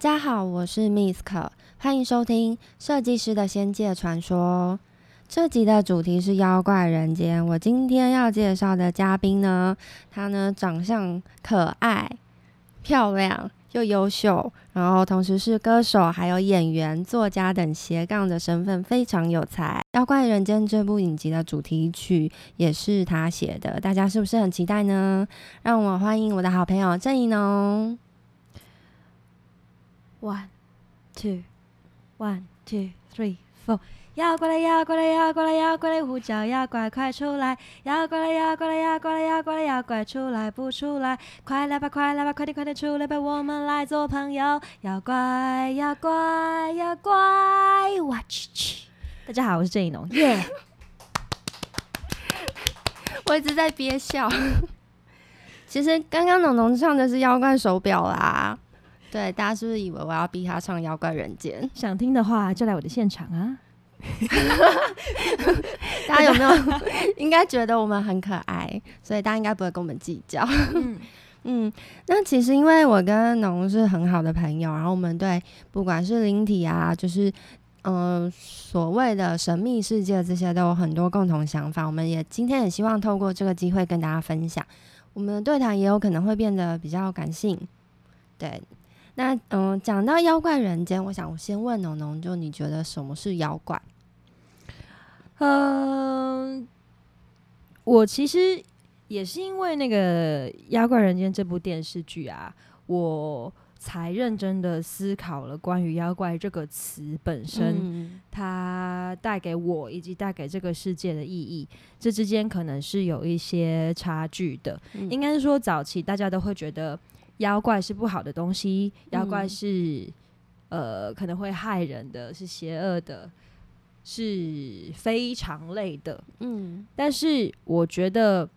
大家好，我是 Misk，歡迎收聽《設計師的仙界傳說》。這集的主題是妖怪人間。我今天要介紹的嘉賓呢，他呢長相可愛、漂亮又優秀，然後同時是歌手、還有演員、作家等斜槓的身份，非常有才。《妖怪人間》這部影集的主題曲也是他寫的，大家是不是很期待呢？讓我歡迎我的好朋友鄭宜農。One, two, one, two, three, four。妖怪來，妖怪來，妖怪來，妖怪來！呼叫妖怪快出來！妖怪來，妖怪來，妖怪來，妖怪來！妖怪出來不出來？快來吧，快來吧，快點，快點出來吧，我們來做朋友。妖怪，妖怪，妖怪，哇啼啼！大家好，我是鄭宜農。耶！我一直在憋笑。 其實剛剛農農唱的是《妖怪手表》啦。對，大家是不是以為我要逼他唱《妖怪人間》？想聽的話就來我的現場啊！ 大家有沒有應該覺得我們很可愛，所以大家應該不會跟我們計較。 嗯，嗯，那其實因為我跟農是很好的朋友，啊，然後我們對不管是靈體啊，就是嗯、呃、所謂的神秘世界這些，都有很多共同想法。我們也今天也希望透過這個機會跟大家分享，我們的對談也有可能會變得比較感性。對。那嗯，講到妖怪人間，我想我先問農農，就你覺得什麼是妖怪？嗯、呃，我其實也是因為那個《妖怪人間》這部電視劇啊，我才認真的思考了關於妖怪這個詞本身，嗯、它帶給我以及帶給這個世界的意義。這之間可能是有一些差距的。嗯、應該是說，早期大家都會覺得。妖怪是不好的東西，妖怪是、嗯、呃可能會害人的，是邪惡的，是非常累的。嗯，但是我覺得，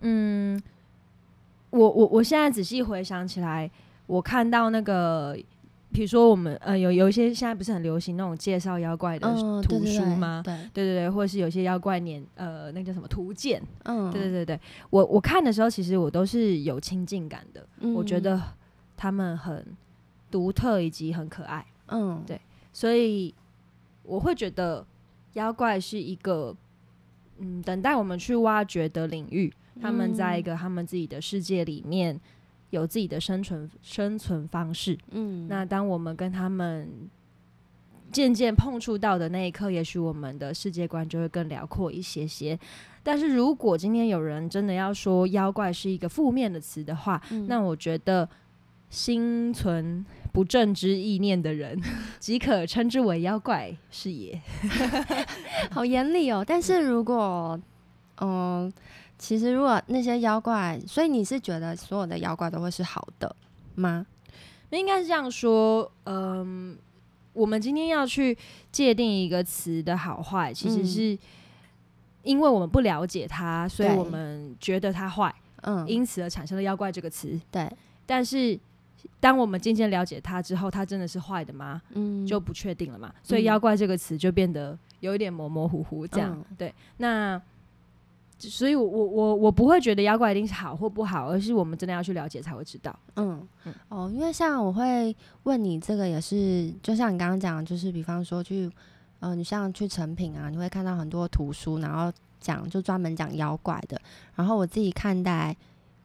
嗯，我我我現在仔細回想起來，我看到那個。比如說，我們呃有有一些現在不是很流行那種介紹妖怪的圖書嗎？Oh, 對,對,對,對,對對對，或者是有些妖怪年呃，那叫什麼圖鑑？嗯、Oh.，對對對對。我我看的時候，其實我都是有親近感的。嗯，我覺得他們很獨特，以及很可愛。嗯、Oh.，對，所以我會覺得妖怪是一個嗯等待我們去挖掘的領域。他們在一個他們自己的世界裡面。嗯有自己的生存生存方式，嗯，那當我們跟他們漸漸碰觸到的那一刻，也許我們的世界觀就會更遼闊一些些。但是如果今天有人真的要說妖怪是一個負面的詞的話，嗯，那我覺得心存不正之意念的人即可稱之為妖怪是也。 好嚴厲哦！但是如果，嗯、呃。其實，如果那些妖怪，所以你是覺得所有的妖怪都會是好的嗎？那應該是這樣說。嗯、呃，我們今天要去界定一個詞的好壞，其實是因為我們不了解它、嗯，所以我們覺得它壞。嗯，因此而產生了“妖怪”這個詞。對、嗯。但是，當我們漸漸了解它之後，它真的是壞的嗎？嗯，就不確定了嘛。所以“妖怪”這個詞就變得有一點模模糊糊。這樣、嗯、對。那。所以我，我我我不會覺得妖怪一定是好或不好，而是我們真的要去了解才會知道。嗯，哦，因為像我會問你，這個也是，就像你剛剛講，就是比方說去，嗯、呃，你像去誠品啊，你會看到很多圖書，然後講就專門講妖怪的，然後我自己看待。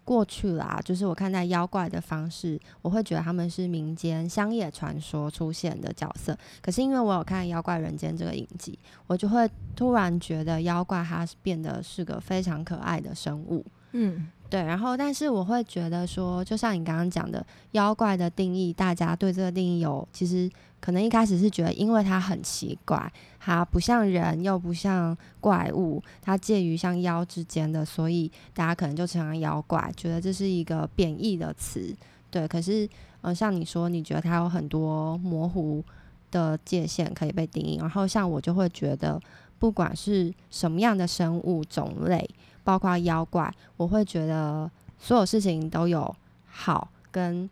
過去了，就是我看待妖怪的方式，我會覺得他們是民間鄉野傳說出現的角色。可是因為我有看《妖怪人間》這個影集，我就會突然覺得妖怪它變得是個非常可愛的生物。嗯，對。然後，但是我會覺得說，就像你剛剛講的，妖怪的定義，大家對這個定義有其實。可能一開始是覺得，因為它很奇怪，它不像人又不像怪物，它介於像妖之間的，所以大家可能就成了妖怪，覺得這是一個貶義的詞。對，可是呃，像你說，你覺得它有很多模糊的界限可以被定義，然後像我就會覺得，不管是什麼樣的生物種類，包括妖怪，我會覺得所有事情都有好跟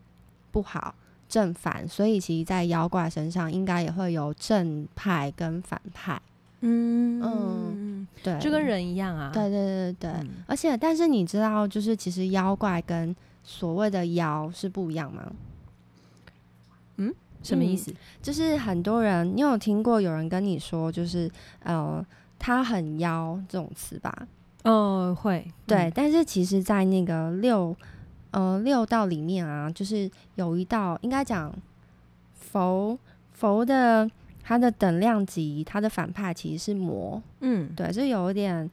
不好，正反，所以其實在妖怪身上應該也會有正派跟反派，嗯嗯，對，就跟人一樣啊，對對對對，嗯、而且，但是你知道，就是其實妖怪跟所謂的妖是不一樣嗎？嗯，什麼意思、嗯？就是很多人，你有聽過有人跟你說，就是呃，他很妖這種詞吧？嗯、哦，會嗯，對，但是其實在那個六。呃，六道裡面啊，就是有一道應該講佛佛的，它的等量級，它的反派其實是魔。嗯，對，就有一點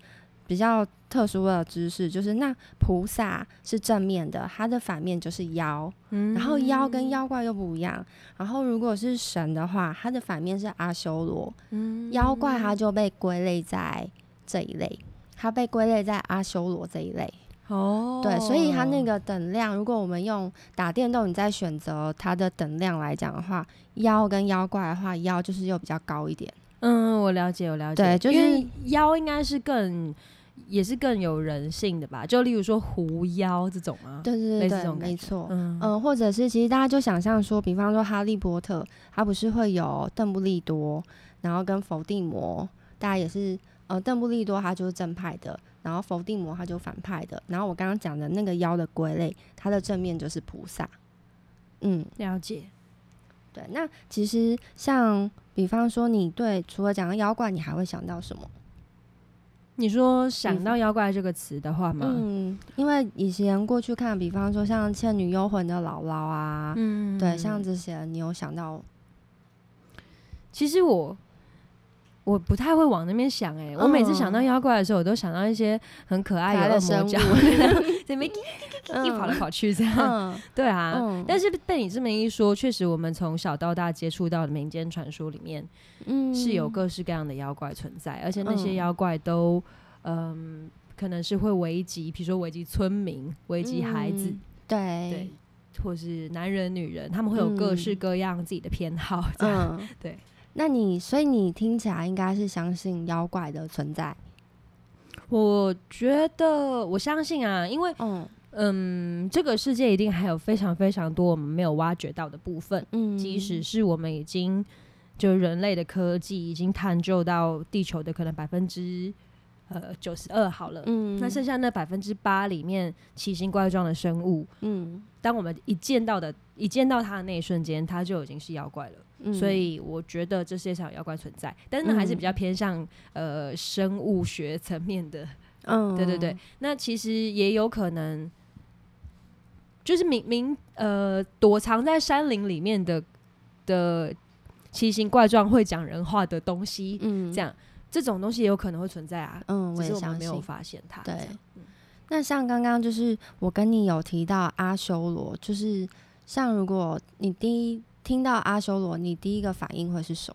比較特殊的知識，就是那菩薩是正面的，它的反面就是妖。嗯，然後妖跟妖怪又不一樣。然後如果是神的話，它的反面是阿修羅。嗯，妖怪它就被歸類在這一類，它被歸類在阿修羅這一類。哦、oh，對，所以它那個等量，如果我們用打電動，你再選擇它的等量來講的話，妖跟妖怪的話，妖就是又比較高一點。嗯，我了解，我了解，對，就是妖應該是更，也是更有人性的吧？就例如說狐妖這種啊，對對對，對，沒錯。嗯、呃，或者是其實大家就想象說，比方說哈利波特，他不是會有鄧布利多，然後跟伏地魔，大家也是，呃，鄧布利多他就是正派的。然後否定魔，他就反派的。然後我剛剛講的那個妖的歸類，它的正面就是菩薩。嗯，了解。對，那其實像，比方說，你對除了講到妖怪，你還會想到什麼？你說想到妖怪這個詞的話嗎？嗯，因為以前過去看，比方說像《倩女幽魂》的姥姥啊，嗯，對，像這些，你有想到？其實我。我不太會往那邊想哎、欸，oh. 我每次想到妖怪的時候，我都想到一些很可愛的惡魔角， 在那邊一跑來跑去這樣。Oh. Oh. 對啊，oh. 但是被你這麼一說，確實我們從小到大接觸到的民間傳說裡面，oh. 是有各式各樣的妖怪存在，而且那些妖怪都嗯、oh. 呃，可能是會危及，比如說危及村民、危及孩子、oh. 對，對，或是男人、女人，他們會有各式各樣自己的偏好，oh. 這樣對。那你，所以你聽起來應該是相信妖怪的存在？我覺得我相信啊，因為嗯、嗯，這個世界一定還有非常非常多我們沒有挖掘到的部分。嗯，即使是我們已經就人類的科技已經探究到地球的可能百分之呃九十二好了，嗯，那剩下那百分之八裡面奇形怪狀的生物，嗯，當我們一見到的，一見到它的那一瞬間，它就已經是妖怪了。所以我覺得這世界上有妖怪存在，但是呢還是比較偏向，嗯、呃生物學層面的。嗯，對對對。那其實也有可能，就是明明呃躲藏在山林裡面的的奇形怪狀會講人話的東西，嗯，這樣這種東西也有可能會存在啊。嗯，我也相信沒有發現它。對、嗯。那像剛剛就是我跟你有提到阿修羅，就是像如果你第一。聽到阿修羅，你第一個反應會是什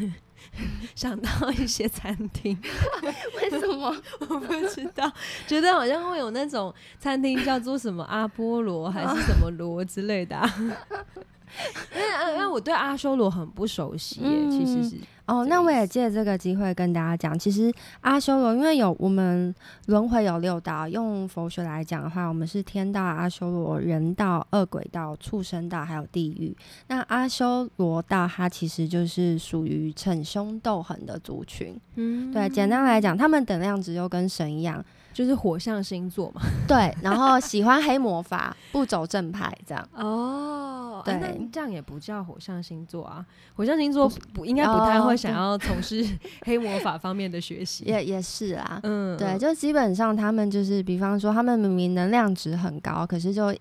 麼？ 想到一些餐廳， 為什麼？ 我不知道。 覺得好像會有那種餐廳叫做什麼阿波羅 還是什麼羅之類的啊。 因為，因為，我對阿修羅很不熟悉耶， 其實是。哦，那我也借這個機會跟大家講，其實阿修羅，因為有我們輪迴有六道，用佛學來講的話，我們是天道、阿修羅、人道、餓鬼道、畜生道，還有地獄。那阿修羅道，它其實就是屬於逞凶鬥狠的族群。嗯，對，簡單來講，他們等量級又跟神一樣。就是火象星座嘛，對，然後喜歡黑魔法， 不走正派這樣。哦、oh，對，啊、那這樣也不叫火象星座啊。火象星座不應該不太會想要從事黑魔法方面的學習。 也也是啊，嗯，對，就基本上他們就是，比方說他們明明能量值很高，可是就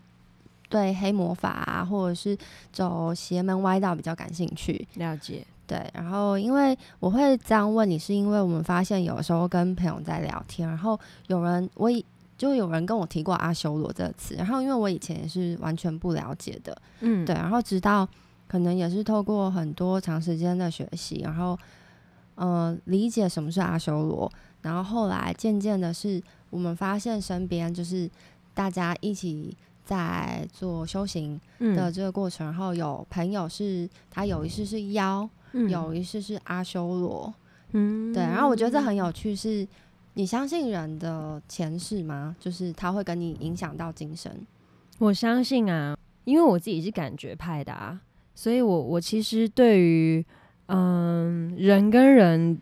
對黑魔法啊，或者是走邪門歪道比較感興趣。了解。對，然後因為我會這樣問你，是因為我們發現有時候跟朋友在聊天，然後有人我以就有人跟我提過阿修羅這個詞，然後因為我以前也是完全不了解的，嗯，對，然後直到可能也是透過很多長時間的學習，然後嗯、呃、理解什麼是阿修羅，然後後來漸漸的是我們發現身邊就是大家一起在做修行的這個過程，嗯、然後有朋友是他有一次是邀。嗯嗯，有一次是阿修羅，嗯，對。然後我覺得這很有趣是，是你相信人的前世嗎？就是他會跟你影響到今生？我相信啊，因為我自己是感覺派的啊，所以我我其實對於嗯、呃、人跟人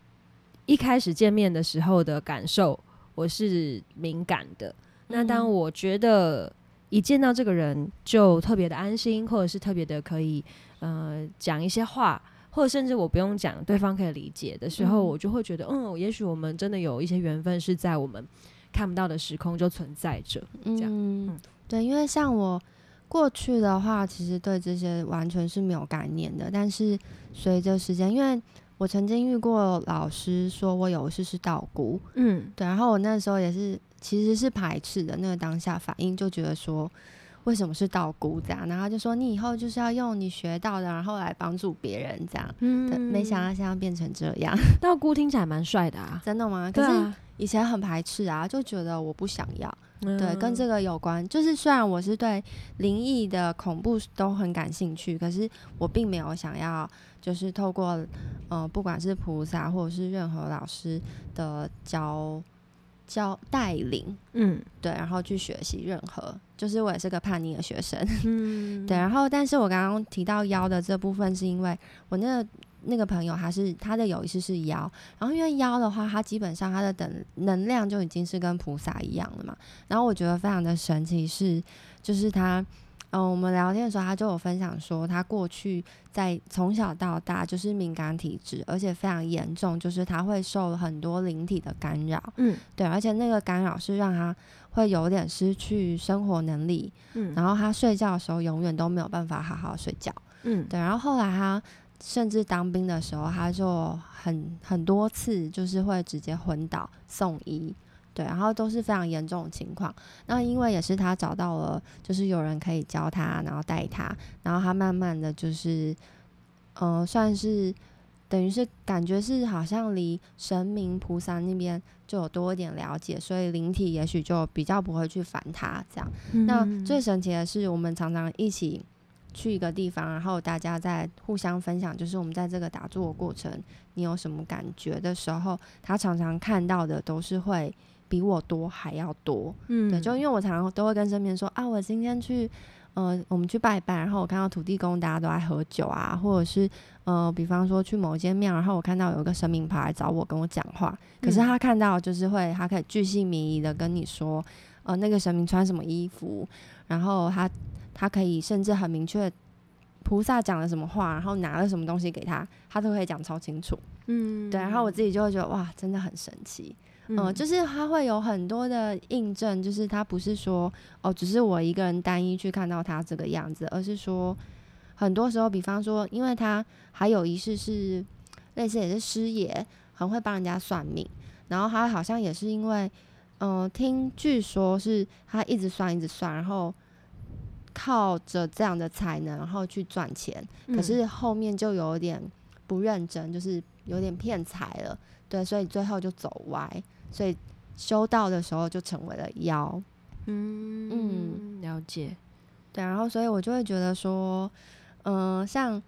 一開始見面的時候的感受，我是敏感的。嗯，那當我覺得一見到這個人就特別的安心，或者是特別的可以呃講一些話。或者甚至我不用講，對方可以理解的時候，嗯、我就會覺得，嗯，也許我們真的有一些緣分是在我們看不到的時空就存在着，這樣，嗯。嗯，對，因為像我過去的話，其實對這些完全是沒有概念的。但是隨着時間，因為我曾經遇過老師說，我有事是道姑。嗯，對，然後我那時候也是其實是排斥的那個當下反應，就覺得說。為什麼是道姑這樣？然後他就說，你以後就是要用你學到的，然後來幫助別人這樣。嗯，沒想到現在變成這樣。道姑聽起來蠻帥的啊，真的嗎？對啊。可是以前很排斥啊，就覺得我不想要。嗯、對，跟這個有關。就是雖然我是對靈異的恐怖都很感興趣，可是我並沒有想要，就是透過呃，不管是菩薩或者是任何老師的教教帶領，嗯，對，然後去學習任何。就是我也是個叛逆的學生，嗯， 對。然後，但是我剛剛提到妖的這部分，是因為我那個那個朋友，他是他的有一次是妖。然後因為妖的話，他基本上他的等能量就已經是跟菩薩一樣了嘛。然後我覺得非常的神奇是，是就是他。嗯，我們聊天的時候，他就有分享說，他過去在從小到大就是敏感體質，而且非常嚴重，就是他會受很多靈體的干擾。嗯，對，而且那個干擾是讓他會有點失去生活能力。嗯，然後他睡覺的時候永遠都沒有辦法好好睡覺。嗯，對，然後後來他甚至當兵的時候，他就很很多次就是會直接昏倒送醫。對，然後都是非常嚴重的情況。那因為也是他找到了，就是有人可以教他，然後帶他，然後他慢慢的就是，嗯、呃，算是等於是感覺是好像離神明菩薩那邊就有多一點了解，所以靈體也許就比較不會去煩他這樣。嗯、那最神奇的是，我們常常一起去一個地方，然後大家在互相分享，就是我們在這個打坐的過程，你有什麼感覺的時候，他常常看到的都是會。比我多還要多，嗯，對，就因為我常常都會跟身邊說啊，我今天去，呃，我們去拜一拜，然後我看到土地公大家都愛喝酒啊，或者是呃，比方說去某一間廟，然後我看到有個神明跑來找我跟我講話，可是他看到就是會，他可以巨細靡遺的跟你說，呃，那個神明穿什麼衣服，然後他他可以甚至很明確菩薩講了什麼話，然後拿了什麼東西給他，他都可以講超清楚，嗯，對，然後我自己就會覺得哇，真的很神奇。嗯、呃，就是他會有很多的印證，就是他不是說哦，只是我一個人單一去看到他這個樣子，而是說很多時候，比方說，因為他還有一世是類似也是師爺，很會幫人家算命，然後他好像也是因為，嗯、呃，聽據說是他一直算一直算，然後靠着這樣的才能然後去賺錢，嗯、可是後面就有點不認真，就是有點騙財了。對，所以最後就走歪，所以修道的時候就成為了妖。嗯嗯，了解。對，然後所以我就會覺得說，嗯、呃，像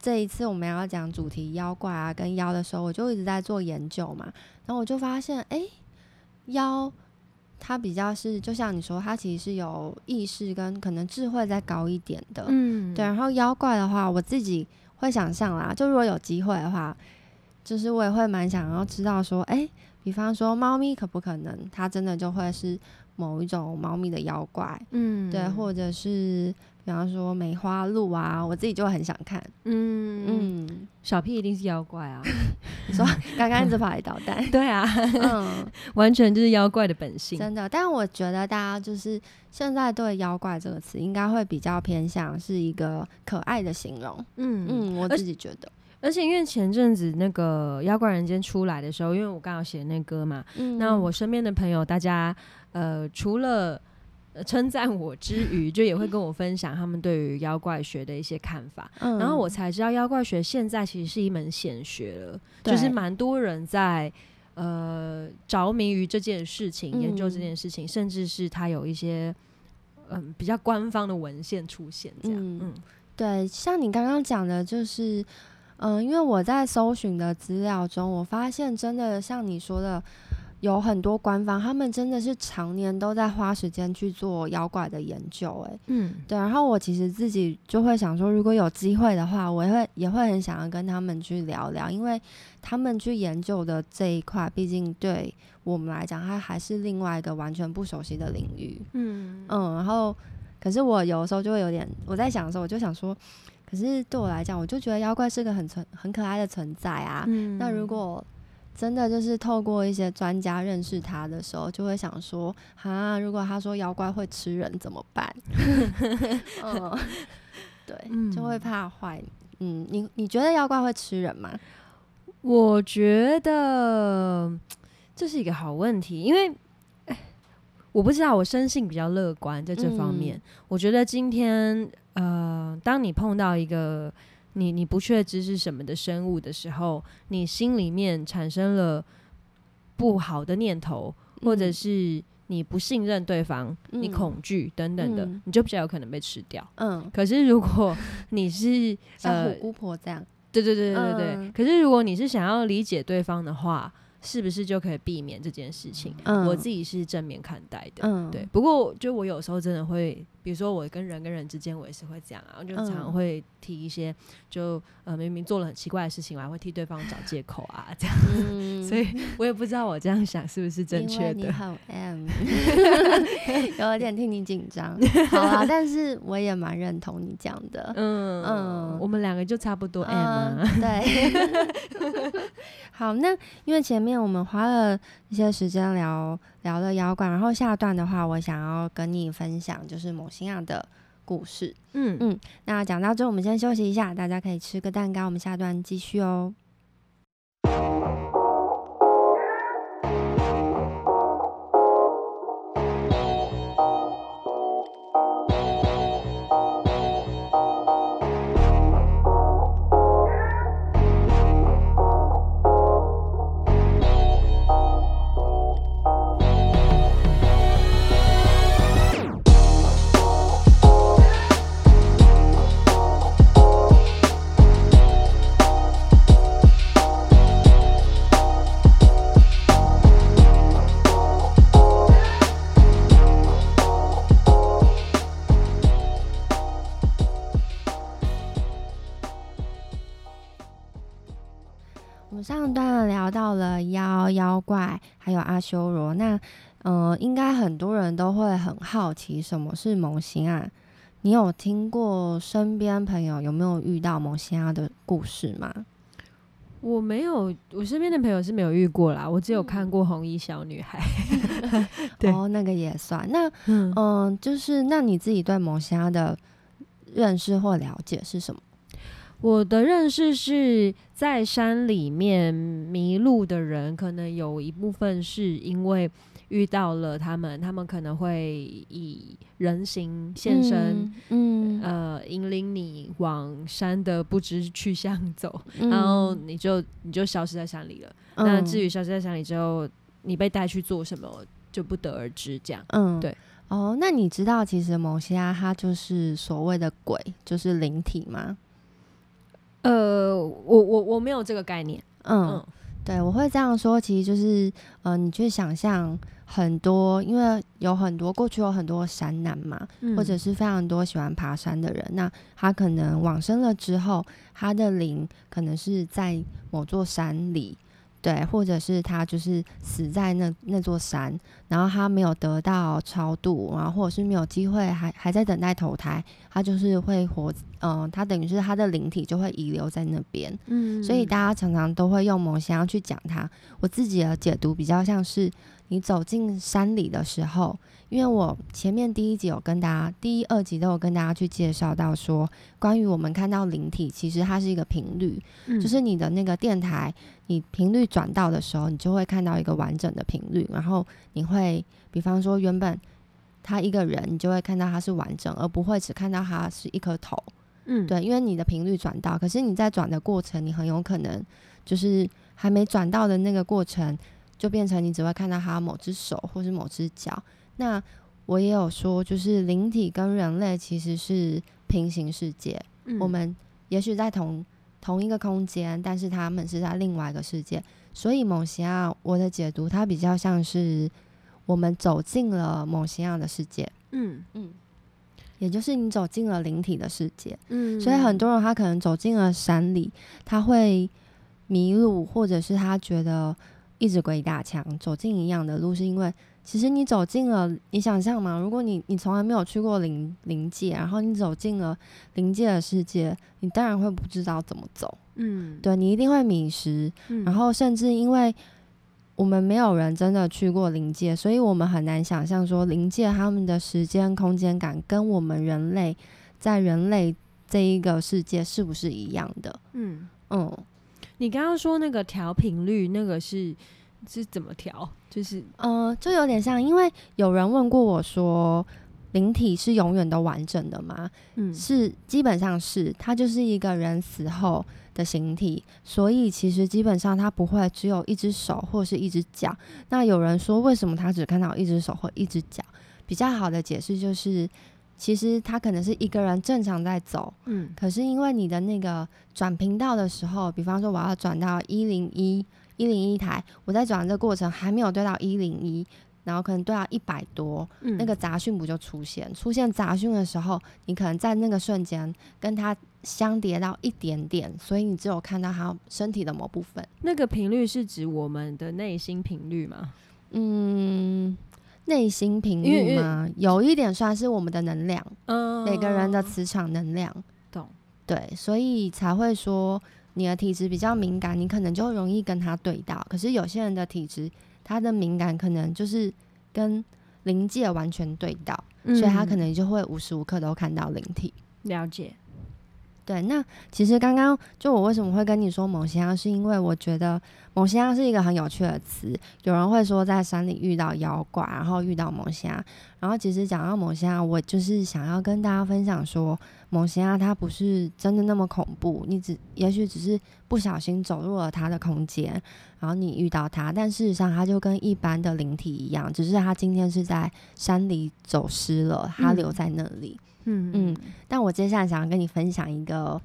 這一次我們要講主題妖怪啊跟妖的時候，我就一直在做研究嘛。然後我就發現，誒、欸，妖它比較是，就像你說，它其實是有意識跟可能智慧再高一點的。嗯，對。然後妖怪的話，我自己會想象啦，就如果有機會的話。就是我也會蠻想要知道說，哎、欸，比方說貓咪可不可能它真的就會是某一種貓咪的妖怪？嗯，對，或者是比方說梅花鹿啊，我自己就很想看。嗯嗯，小屁一定是妖怪啊！ 你說剛剛一直跑來搗蛋？ 對啊，嗯， 完全就是妖怪的本性。真的，但我覺得大家就是現在對妖怪這個詞應該會比較偏向是一個可愛的形容。嗯嗯，我自己覺得。而且因為前陣子那個《妖怪人間》出來的時候，因為我剛好寫那歌嘛，嗯、那我身邊的朋友大家呃，除了稱讚我之餘， 就也會跟我分享他們對於妖怪學的一些看法。嗯、然後我才知道，妖怪學現在其實是一門顯學了，就是蠻多人在呃着迷於這件事情，研究這件事情，嗯、甚至是它有一些嗯、呃、比較官方的文獻出現。這樣嗯，嗯，對，像你剛剛講的，就是。嗯，因為我在搜尋的資料中，我發現真的像你說的，有很多官方，他們真的是常年都在花時間去做妖怪的研究欸，哎，嗯，對。然後我其實自己就會想說，如果有機會的話，我也會也會很想要跟他們去聊聊，因為他們去研究的這一塊，畢竟對我們來講，它還是另外一個完全不熟悉的領域。嗯嗯。然後，可是我有的時候就會有點，我在想的時候，我就想說。可是對我來講，我就覺得妖怪是個很存很可愛的存在啊，嗯。那如果真的就是透過一些專家認識他的時候，就會想說哈，如果他說妖怪會吃人怎麼辦？嗯， 哦，對嗯，就會怕壞。嗯，你你覺得妖怪會吃人嗎？我覺得這是一個好問題，因為我不知道，我生性比較樂觀，在這方面，嗯，我覺得今天。呃，當你碰到一個你你不確知是什麼的生物的時候，你心裡面產生了不好的念頭，嗯、或者是你不信任對方，嗯、你恐懼等等的、嗯，你就比較有可能被吃掉。嗯，可是如果你是像、嗯呃、虎姑婆這樣，對對對對對對、嗯，可是如果你是想要理解對方的話，是不是就可以避免這件事情？嗯、我自己是正面看待的、嗯。對。不過就我有時候真的會。比如說我跟人跟人之間，我也是會這樣啊，我就常會提一些、嗯、就呃明明做了很奇怪的事情，還會替對方找借口啊，這樣子、嗯。所以我也不知道我這樣想是不是正確的。好 M， 有點替你緊張。 好啊，但是我也蠻認同你講的。嗯嗯，我們兩個就差不多 M 啊。呃、對。 好，那因為前面我們花了。一些時間聊聊了妖怪，然後下段的話，我想要跟你分享就是魔神仔的故事。嗯嗯，那講到這，我們先休息一下，大家可以吃個蛋糕，我們下段繼續哦。到了妖妖怪，還有阿修羅，那嗯、呃，應該很多人都會很好奇什麼是魔神仔？你有聽過身邊朋友有沒有遇到魔神仔的故事嗎？我沒有，我身邊的朋友是沒有遇過啦。我只有看過紅衣小女孩，哦、嗯， oh, 那個也算。那嗯、呃，就是那你自己對魔神仔的認識或了解是什麼？我的認識是。在山裡面迷路的人，可能有一部分是因為遇到了他們，他們可能會以人形現身，嗯，嗯，呃，引領你往山的不知去向走，嗯，然後你就你就消失在山裡了。嗯，那至於消失在山裡之後，你被帶去做什麼，就不得而知。這樣，嗯，對。哦，那你知道，其實某些啊，它就是所謂的鬼，就是靈體嗎？呃，我我我沒有這個概念。嗯。嗯，對，我會這樣說，其實就是，呃，你去想象很多，因為有很多過去有很多山難嘛，嗯，或者是非常多喜歡爬山的人，那他可能往生了之後，他的靈可能是在某座山裡。對，或者是他就是死在那那座山，然後他沒有得到超度，然後或者是沒有機會還，還還在等待投胎，他就是會活，嗯、呃，他等於是他的靈體就會遺留在那邊，嗯，所以大家常常都會用魔神仔去講他，我自己的解讀比較像是。你走進山裡的時候，因為我前面第一集有跟大家，第一、二集都有跟大家去介紹到說，關於我們看到靈體，其實它是一個頻率，嗯，就是你的那個電台，你頻率轉到的時候，你就會看到一個完整的頻率，然後你會，比方說原本他一個人，你就會看到他是完整，而不會只看到他是一顆頭，嗯，對，因為你的頻率轉到，可是你在轉的過程，你很有可能就是還沒轉到的那個過程。就變成你只會看到他某隻手或是某隻腳。那我也有說，就是靈體跟人類其實是平行世界。嗯、我們也許在同同一個空間，但是他們是在另外一個世界。所以某些啊，我的解讀它比較像是我們走進了某些樣的世界。嗯嗯，也就是你走進了靈體的世界、嗯。所以很多人他可能走進了山裡，他會迷路，或者是他覺得。一直鬼打牆，走進一樣的路，是因為其實你走進了，你想象嘛，如果你你從來沒有去過靈靈界，然後你走進了靈界的世界，你當然會不知道怎麼走，嗯，對你一定會迷失，嗯，然後甚至因為我們沒有人真的去過靈界，所以我們很難想象說靈界他們的時間空間感跟我們人類在人類這一個世界是不是一樣的，嗯。嗯你剛剛說那個調頻率，那個是是怎麼調？就是，呃，就有點像，因為有人問過我說，靈體是永遠都完整的嗎？嗯，是，基本上是，它就是一個人死後的形體，所以其實基本上它不會只有一隻手或是一隻腳。那有人說，為什麼他只看到一隻手或一隻腳？比較好的解釋就是，其實他可能是一個人正常在走，嗯，可是因為你的那個轉頻道的時候，比方說我要轉到一零一、一零一台，我在轉這個過程還沒有對到一零一，然後可能對到一百多。嗯，那個雜訊不就出現？出現雜訊的時候，你可能在那個瞬間跟它相疊到一點點，所以你只有看到他身體的某部分。那個頻率是指我們的內心頻率嗎？嗯。內心頻率嗎於於，有一點算是我們的能量、哦，每個人的磁場能量，懂？對，所以才會說你的體質比較敏感，你可能就容易跟他對到。可是有些人的體質，他的敏感可能就是跟靈界完全對到、嗯，所以他可能就會無時無刻都看到靈體。了解。對，那其實剛剛就我為什麼會跟你說“魔神仔”，是因為我覺得“魔神仔”是一個很有趣的詞。有人會說在山裡遇到妖怪，然後遇到“魔神仔”，然後其實講到“魔神仔”，我就是想要跟大家分享說，“魔神仔”它不是真的那麼恐怖，你只也許只是不小心走入了他的空間，然後你遇到他，但事實上他就跟一般的靈體一樣，只是他今天是在山裡走失了，他留在那裡。嗯嗯嗯，但我接下來想要跟你分享一個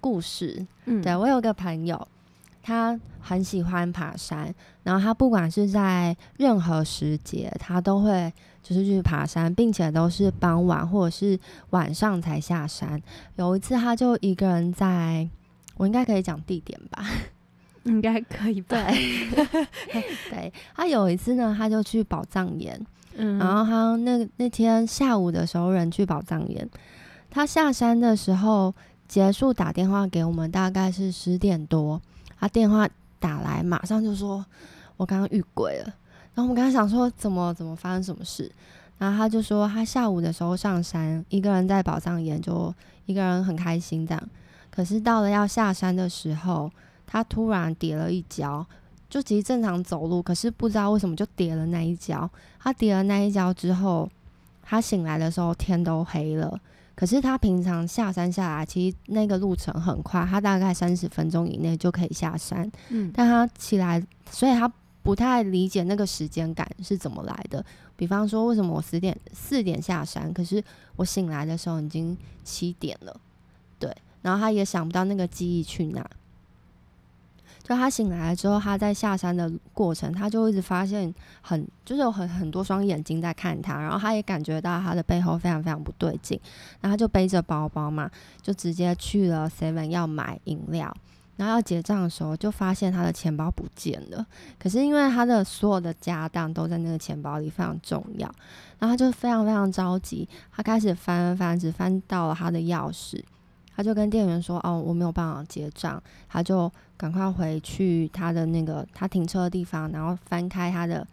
故事。嗯，對，我有個朋友，他很喜歡爬山，然後他不管是在任何時節，他都會就是去爬山，並且都是傍晚或者是晚上才下山。有一次，他就一個人在，我應該可以講地點吧？應該可以吧？對 對，對，他有一次呢，他就去寶藏岩。嗯，然後他那那天下午的時候，人去寶藏岩，他下山的時候結束打電話給我們，大概是十點多，他電話打來，馬上就說我剛剛遇鬼了。然後我們剛剛想說怎麼怎麼發生什麼事，然後他就說他下午的時候上山，一個人在寶藏岩就一個人很開心這樣，可是到了要下山的時候，他突然跌了一跤。就其實正常走路，可是不知道為什麼就跌了那一跤。他跌了那一跤之後，他醒來的時候天都黑了。可是他平常下山下來，其實那個路程很快，他大概三十分鐘以內就可以下山。嗯，但他起來，所以他不太理解那個時間感是怎麼來的。比方說，為什麼我十點四點下山，可是我醒來的時候已經七點了？對，然後他也想不到那個記憶去哪。就他醒來之後，他在下山的過程，他就一直發現很，就是有很很多雙眼睛在看他，然後他也感覺到他的背後非常非常不對勁，然後他就背着包包嘛，就直接去了 Seven 要買飲料，然後要結賬的時候，就發現他的錢包不見了，可是因為他的所有的家當都在那個錢包裡，非常重要，然後他就非常非常着急，他開始翻翻，只翻到了他的鑰匙，他就跟店員說：“哦，我沒有辦法結賬。”他就。趕快回去他的那個他停車的地方，然後翻開他的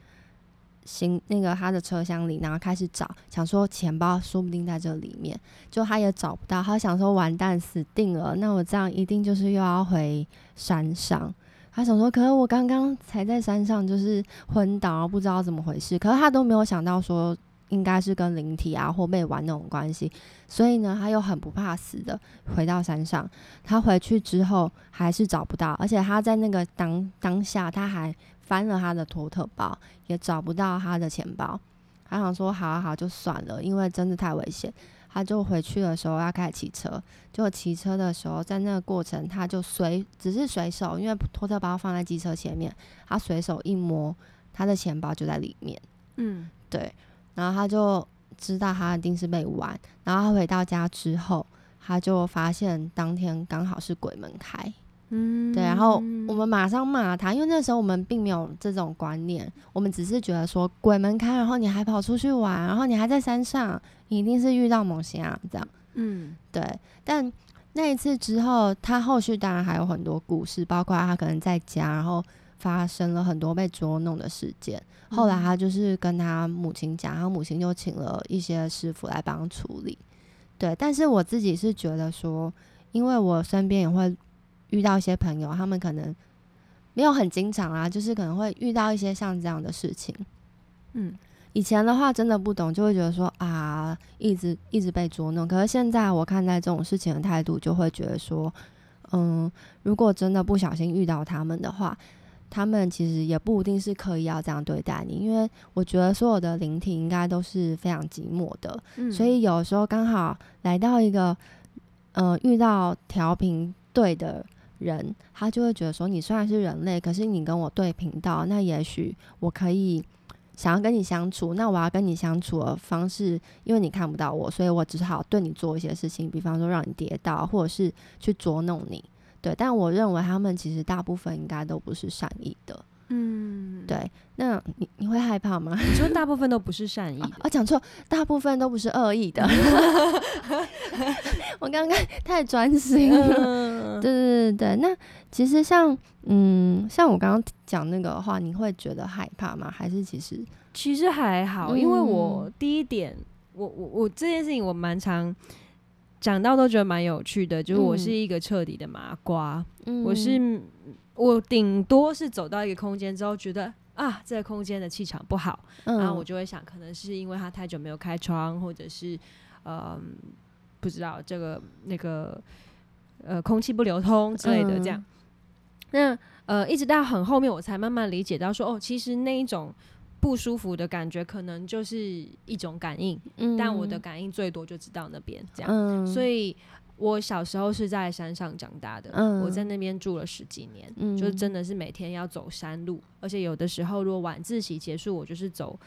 行那個他的車廂裡，然後開始找，想說錢包說不定在這裡面，就他也找不到，他想說完蛋死定了，那我這樣一定就是又要回山上，他想說，可是我剛剛才在山上就是昏倒，不知道怎麼回事，可是他都沒有想到說。應該是跟靈體啊或被玩的那種關係，所以呢，他又很不怕死的回到山上。他回去之後還是找不到，而且他在那個當當下，他還翻了他的托特包，也找不到他的錢包。他想說：“好啊好，就算了，因為真的太危險。”他就回去的時候，要開始騎車。就騎車的時候，在那個過程，他就隨只是隨手，因為托特包放在機車前面，他隨手一摸，他的錢包就在裡面。嗯，對。然後他就知道他一定是被玩。然後他回到家之後，他就發現當天剛好是鬼門開，嗯，對。然後我們馬上罵他，因為那時候我們並沒有這種觀念，我們只是覺得說鬼門開，然後你還跑出去玩，然後你還在山上，你一定是遇到某些啊這樣，嗯，對。但那一次之後，他後續當然還有很多故事，包括他可能在家，然後。發生了很多被捉弄的事件，嗯，後來他就是跟他母親講，他母親就請了一些師傅來幫處理。對，但是我自己是覺得說，因為我身邊也會遇到一些朋友，他們可能沒有很經常啊，就是可能會遇到一些像這樣的事情。嗯，以前的話真的不懂，就會覺得說啊，一直一直被捉弄。可是現在我看待這種事情的態度，就會覺得說，嗯，如果真的不小心遇到他們的話。他們其實也不一定是刻意要這樣對待你，因為我覺得所有的靈體應該都是非常寂寞的，嗯、所以有時候剛好來到一個，呃，遇到調頻對的人，他就會覺得說，你雖然是人類，可是你跟我對頻道，那也許我可以想要跟你相處，那我要跟你相處的方式，因為你看不到我，所以我只好對你做一些事情，比方說讓你跌倒，或者是去捉弄你。對，但我認為他們其實大部分應該都不是善意的。嗯，對，那你你會害怕嗎？就大部分都不是善意，我講錯，大部分都不是惡意的。 我剛剛太專心了。對、嗯、對對對，那其實像嗯，像我剛剛講那個話，你會覺得害怕嗎？還是其實其實還好，因為我第一點，嗯、我我我這件事情我蠻常。想到都覺得蠻有趣的，就是我是一個徹底的麻瓜，嗯、我是我頂多是走到一個空間之後，覺得啊，這個空間的氣場不好，嗯，然後我就會想，可能是因為它太久沒有開窗，或者是，呃、不知道這個那個呃空氣不流通之類的這樣。嗯、那呃一直到很後面，我才慢慢理解到說哦，其實那一種。不舒服的感覺可能就是一種感應，嗯、但我的感應最多就只到那邊這樣，嗯，所以我小時候是在山上長大的，嗯、我在那邊住了十幾年，嗯、就是真的是每天要走山路，而且有的時候如果晚自習結束，我就是走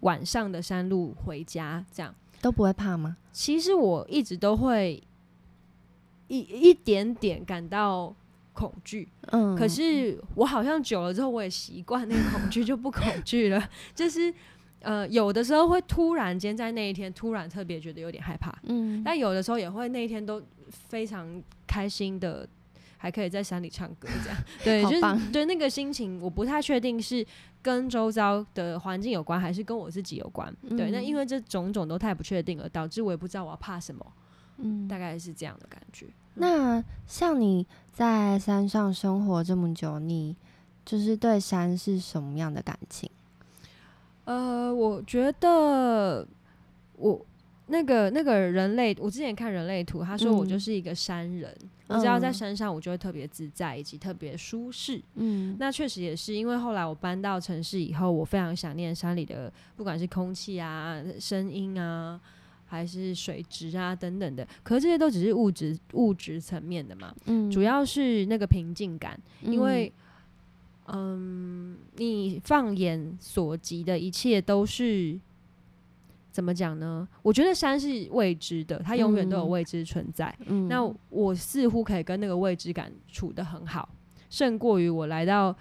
晚上的山路回家，這樣都不會怕嗎？其實我一直都會一一點點感到，恐懼，嗯，可是我好像久了之後，我也習慣那個恐懼，就不恐懼了。 就是，呃，有的時候會突然間在那一天突然特別覺得有點害怕，嗯，但有的時候也會那一天都非常開心的，還可以在山裡唱歌，這樣、嗯，對，就是對那個心情，我不太確定是跟周遭的環境有關，還是跟我自己有關。嗯、對，那因為這種種都太不確定了，導致我也不知道我要怕什麼，嗯，大概是這樣的感覺。那像你在山上生活這麼久，你就是對山是什麼樣的感情？呃，我覺得我那個那個人類，我之前看人類圖，他說我就是一個山人。嗯，只要在山上，我就會特別自在，以及特別舒適。嗯，那確實也是，因為後來我搬到城市以後，我非常想念山裡的，不管是空氣啊，聲音啊。還是水質啊，等等的，可是這些都只是物質物質層面的嘛，嗯。主要是那個平靜感，嗯，因為，嗯，你放眼所及的一切都是怎麼講呢？我覺得山是未知的，它永遠都有未知存在，嗯。那我似乎可以跟那個未知感處得很好，勝過於我來到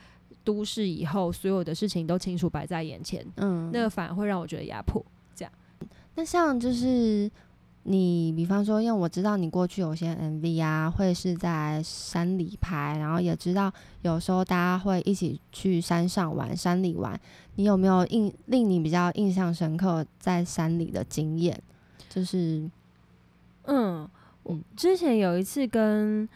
都市以後，所有的事情都清楚擺在眼前。嗯，那個反而會讓我覺得壓迫。那像就是你，比方說，因為我知道你過去有些 MV 啊，會是在山裡拍，然後也知道有時候大家會一起去山上玩、山裡玩。你有沒有印令你比較印象深刻在山裡的經驗？就是，嗯，我之前有一次跟。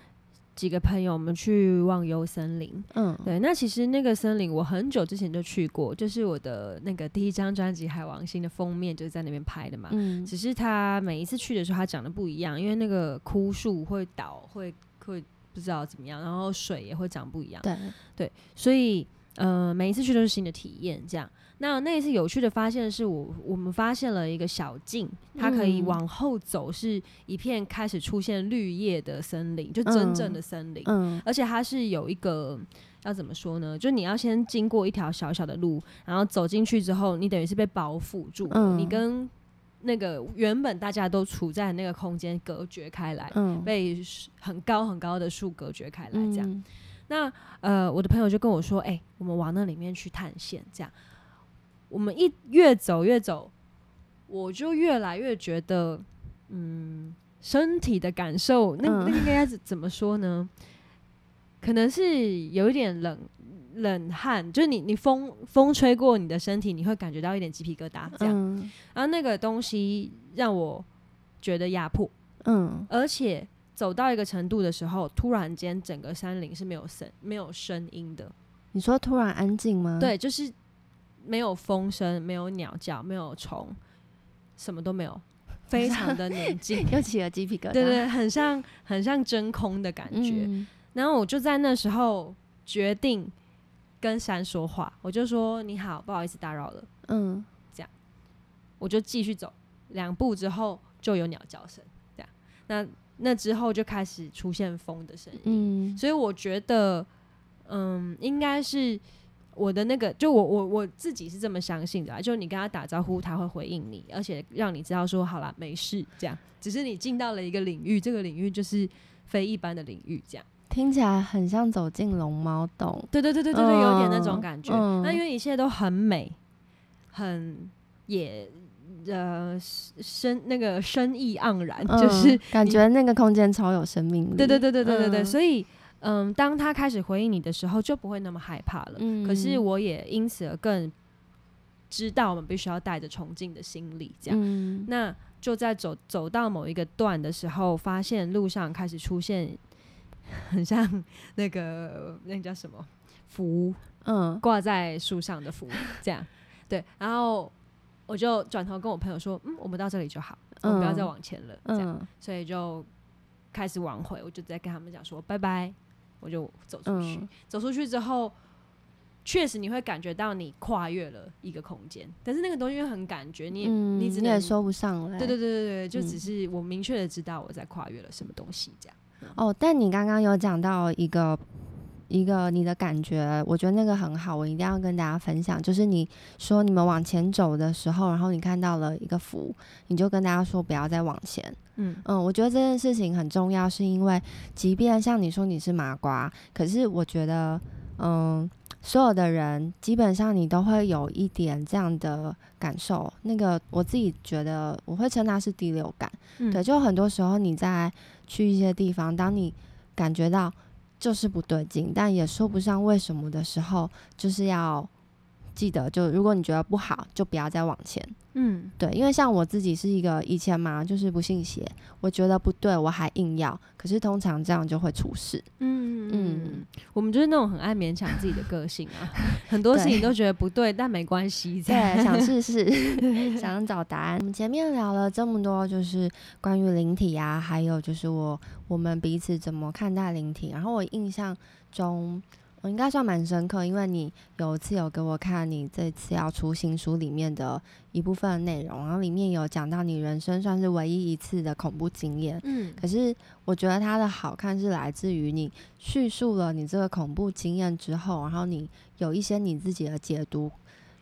幾個朋友，我們去忘憂森林。嗯，對，那其實那個森林我很久之前就去過，就是我的那個第一張專輯《海王星》的封面就是在那邊拍的嘛。嗯，只是他每一次去的時候，它長得不一樣，因為那個枯樹會倒，會會不知道怎麼樣，然後水也會長不一樣。對，對，所以，嗯、呃，每一次去都是新的體驗，這樣。那那一次有趣的發現是我我們發現了一個小徑，它可以往後走，是一片開始出現綠葉的森林，就真正的森林。嗯、而且它是有一個要怎麼說呢？就你要先經過一條小小的路，然後走進去之後，你等於是被保護住、嗯、你跟那個原本大家都處在那個空間隔絕開來、嗯，被很高很高的樹隔絕開來。這樣，嗯、那呃，我的朋友就跟我說：“哎、欸，我們往那裡面去探險。”這樣。我們一越走越走，我就越來越覺得，嗯，身體的感受，那那應該怎怎麼說呢？嗯、可能是有一點冷冷汗，就你你風風吹過你的身體，你會感覺到一點雞皮疙瘩，這樣。嗯、然後那個東西讓我覺得壓迫，嗯，而且走到一個程度的時候，突然間整個山林是沒有聲沒有聲音的。你說突然安靜嗎？對，就是。沒有風聲，沒有鳥叫，沒有蟲，什麼都沒有，非常的寧靜，又起了雞皮疙瘩，對對、對，很像很像真空的感覺、嗯。然後我就在那時候決定跟山說話，我就說你好，不好意思打擾了，嗯，這樣，我就繼續走兩步之後就有鳥叫聲，這樣，那那之後就開始出現風的聲音、嗯，所以我覺得，嗯，應該是。我的那個，就我我我自己是這麼相信的，就你跟他打招呼，他會回應你，而且讓你知道說好了沒事，這樣。只是你進到了一個領域，這個領域就是非一般的領域，這樣。聽起來很像走進龍貓洞，對對對對對對，嗯，有點那種感覺。嗯、那因為你現在都很美，很也呃生那個生意盎然，嗯、就是感覺那個空間超有生命力。對對對對對對，對，對，對，嗯，所以。嗯，當他開始回應你的時候，就不會那麼害怕了。嗯。可是我也因此而更知道，我們必須要帶着崇敬的心理這樣。嗯。那就在走走到某一個段的時候，發現路上開始出現很像那個那叫什麼符，嗯，掛在樹上的符這樣。對。然後我就轉頭跟我朋友說：“嗯，我們到這裡就好，我們不要再往前了。”這樣。嗯。所以就開始往回，我就在跟他們講說：“拜拜。”我就走出去、嗯，走出去之後，確實你會感覺到你跨越了一個空間，但是那個東西又很感覺，你也、嗯、你真的也說不上來、欸，對對對對對，就只是我明確的知道我在跨越了什麼東西這樣。嗯、哦，但你剛剛有講到一個一個你的感覺，我覺得那個很好，我一定要跟大家分享。就是你說你們往前走的時候，然後你看到了一個符，你就跟大家說不要再往前。嗯嗯，我覺得這件事情很重要，是因為即便像你說你是麻瓜，可是我覺得，嗯，所有的人基本上你都會有一點這樣的感受。那個我自己覺得，我會稱它是第六感。嗯。對，就很多時候你在去一些地方，當你感覺到就是不對勁，但也說不上為什麼的時候，就是要記得，就如果你覺得不好，就不要再往前。嗯，對，因為像我自己是一個以前嘛，就是不信邪，我覺得不對，我還硬要，可是通常這樣就會出事。嗯嗯，我們就是那種很愛勉強自己的個性啊， 很多事情都覺得不對， 但沒關係，對，想試試， 想找答案。 我們前面聊了這麼多，就是關於靈體啊，還有就是我我們彼此怎麼看待靈體，然後我印象中。我應該算蠻深刻，因為你有一次有給我看你這次要出新書裡面的一部分內容，然後裡面有講到你人生算是唯一一次的恐怖經驗，嗯。可是我覺得它的好看是來自於你敘述了你這個恐怖經驗之後，然後你有一些你自己的解讀，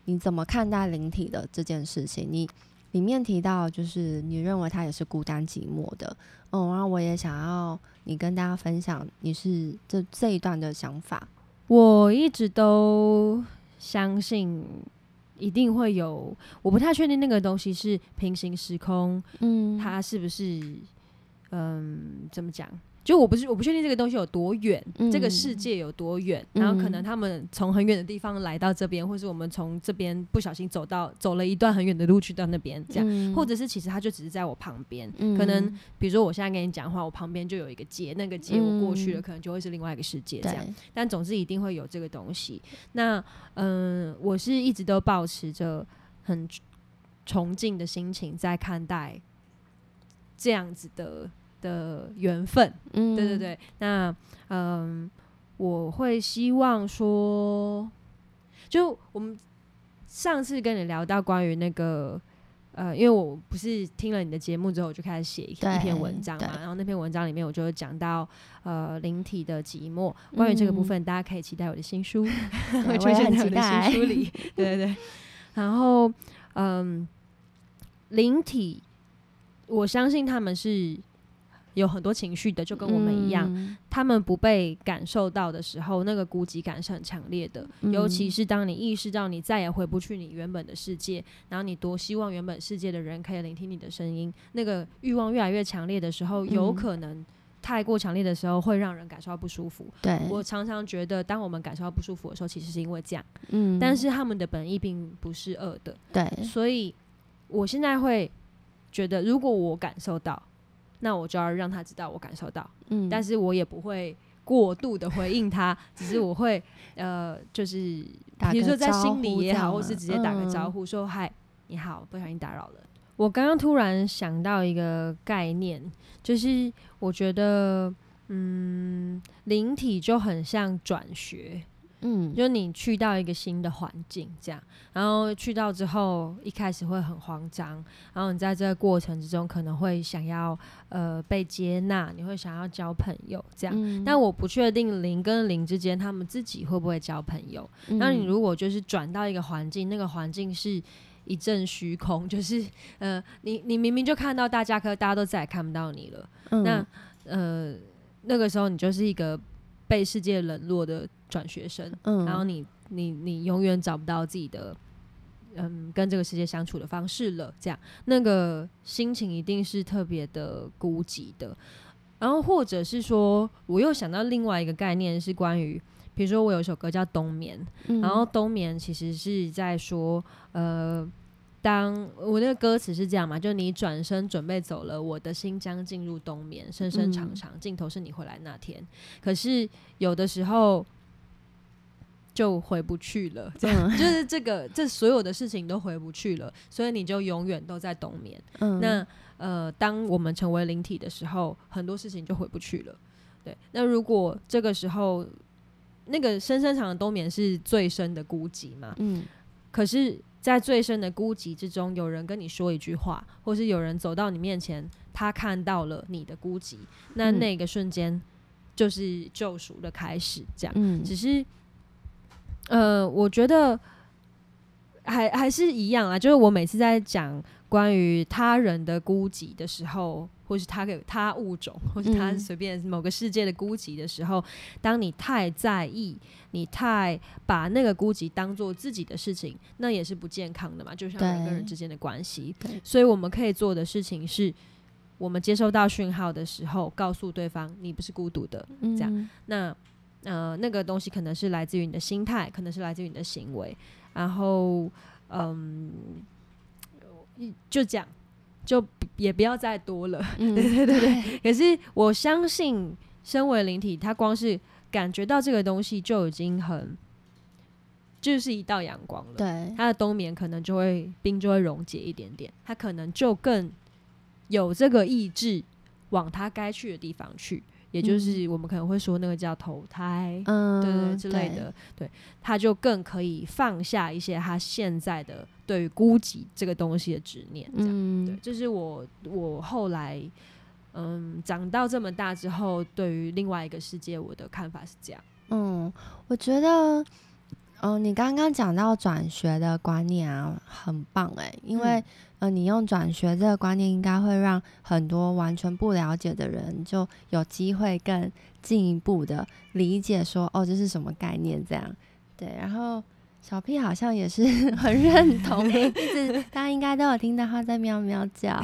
你怎麼看待靈體的這件事情？你裡面提到就是你認為他也是孤單寂寞的。嗯，然後我也想要你跟大家分享你是這這一段的想法。我一直都相信一定會有，我不太確定那個東西是平行時空，嗯，它是不是？嗯，怎麼講？就我不是我不確定這個東西有多遠、嗯，這個世界有多遠，然後可能他們從很遠的地方來到這邊、嗯，或是我們從這邊不小心走到走了一段很遠的路去到那邊，這樣、嗯，或者是其實他就只是在我旁邊、嗯，可能比如說我現在跟你講話，我旁邊就有一個界，那個界我過去了，可能就會是另外一個世界這樣，嗯、但總是一定會有這個東西。那嗯，我是一直都保持着很崇敬的心情在看待。這樣子的的緣分、嗯，對對對。那嗯，我會希望說，就我們上次跟你聊到關於那個呃，因為我不是聽了你的節目之後，我就開始寫一,一篇文章嘛。然後那篇文章裡面，我就講到呃靈體的寂寞。關於這個部分、嗯，大家可以期待我的新書，嗯、 出現在我的新書裡，yeah, 我也很期待欸、對對對。 然後嗯，靈體。我相信他們是有很多情緒的，就跟我們一樣、嗯。他們不被感受到的時候，那個孤寂感是很強烈的、嗯。尤其是當你意識到你再也回不去你原本的世界，然後你多希望原本世界的人可以聆聽你的聲音，那個欲望越來越強烈的時候、嗯，有可能太過強烈的時候，會讓人感受到不舒服。對。我常常覺得，當我們感受到不舒服的時候，其實是因為這樣。嗯。但是他們的本意並不是惡的。對。所以，我現在會。覺得如果我感受到，那我就要讓他知道我感受到。嗯，但是我也不會過度的回應他， 只是我會呃，就是比如說在心裡也好，或是直接打個招呼說：“嗨，你好，不小心打擾了。”嗯，我剛剛突然想到一個概念，就是我覺得，嗯，靈體就很像轉學。嗯，就你去到一個新的環境這樣，然後去到之後一開始會很慌張，然後你在這個過程之中可能會想要呃被接納，你會想要交朋友這樣。嗯、但我不確定靈跟靈之間他們自己會不會交朋友。那、嗯、你如果就是轉到一個環境，那個環境是一陣虛空，就是呃你你明明就看到大家，可大家都再也看不到你了。嗯、那呃那個時候你就是一個。被世界冷落的轉學生、嗯，然後你你你永遠找不到自己的，嗯，跟這個世界相處的方式了。這樣，那個心情一定是特別的孤寂的。然後，或者是說，我又想到另外一個概念是關於，比如說我有一首歌叫《冬眠》，嗯，然後《冬眠》其實是在說，呃。當我那個歌詞是這樣嘛，就你轉身準備走了，我的心將進入冬眠，深深長長，盡頭是你回來那天，嗯。可是有的時候就回不去了，嗯，就是這個，這所有的事情都回不去了，所以你就永遠都在冬眠。嗯，那呃，當我們成為靈體的時候，很多事情就回不去了。對，那如果這個時候那個深深長的冬眠是最深的孤寂嘛，嗯？可是。在最深的孤寂之中，有人跟你說一句話，或是有人走到你面前，他看到了你的孤寂，那那個瞬間，嗯，就是救贖的開始。這樣，嗯，只是，呃，我覺得還還是一樣啊，就是我每次在講關於他人的孤寂的時候。或是他給他物種，或是他隨便某個世界的孤寂的時候，嗯，當你太在意，你太把那個孤寂當做自己的事情，那也是不健康的嘛。就像人跟人之間的關係，所以我們可以做的事情是，我們接受到訊號的時候，告訴對方你不是孤獨的，嗯，這樣。那呃，那個東西可能是來自於你的心態，可能是來自於你的行為，然後嗯，就這樣。就也不要再多了，嗯、 對對對，對，對。可是我相信，身為靈體，它光是感覺到這個東西就已經很，就是一道陽光了。對，它的冬眠可能就會冰就會溶解一點點，它可能就更有這個意志往它該去的地方去。也就是我們可能會說那個叫投胎，嗯、對，對對之類的對，對，他就更可以放下一些他現在的對於孤寂這個東西的執念這樣，嗯，對，這、就是我我後來嗯長到這麼大之後對於另外一個世界我的看法是這樣，嗯，我覺得。哦，你剛剛講到轉學的觀念啊，很棒誒、欸。因為、嗯、呃，你用轉學這個觀念，應該會讓很多完全不了解的人就有機會更進一步的理解說，說哦，這是什麼概念？這樣對。然後小 P 好像也是很認同，就、 欸、是大家應該都有聽到他在喵喵叫。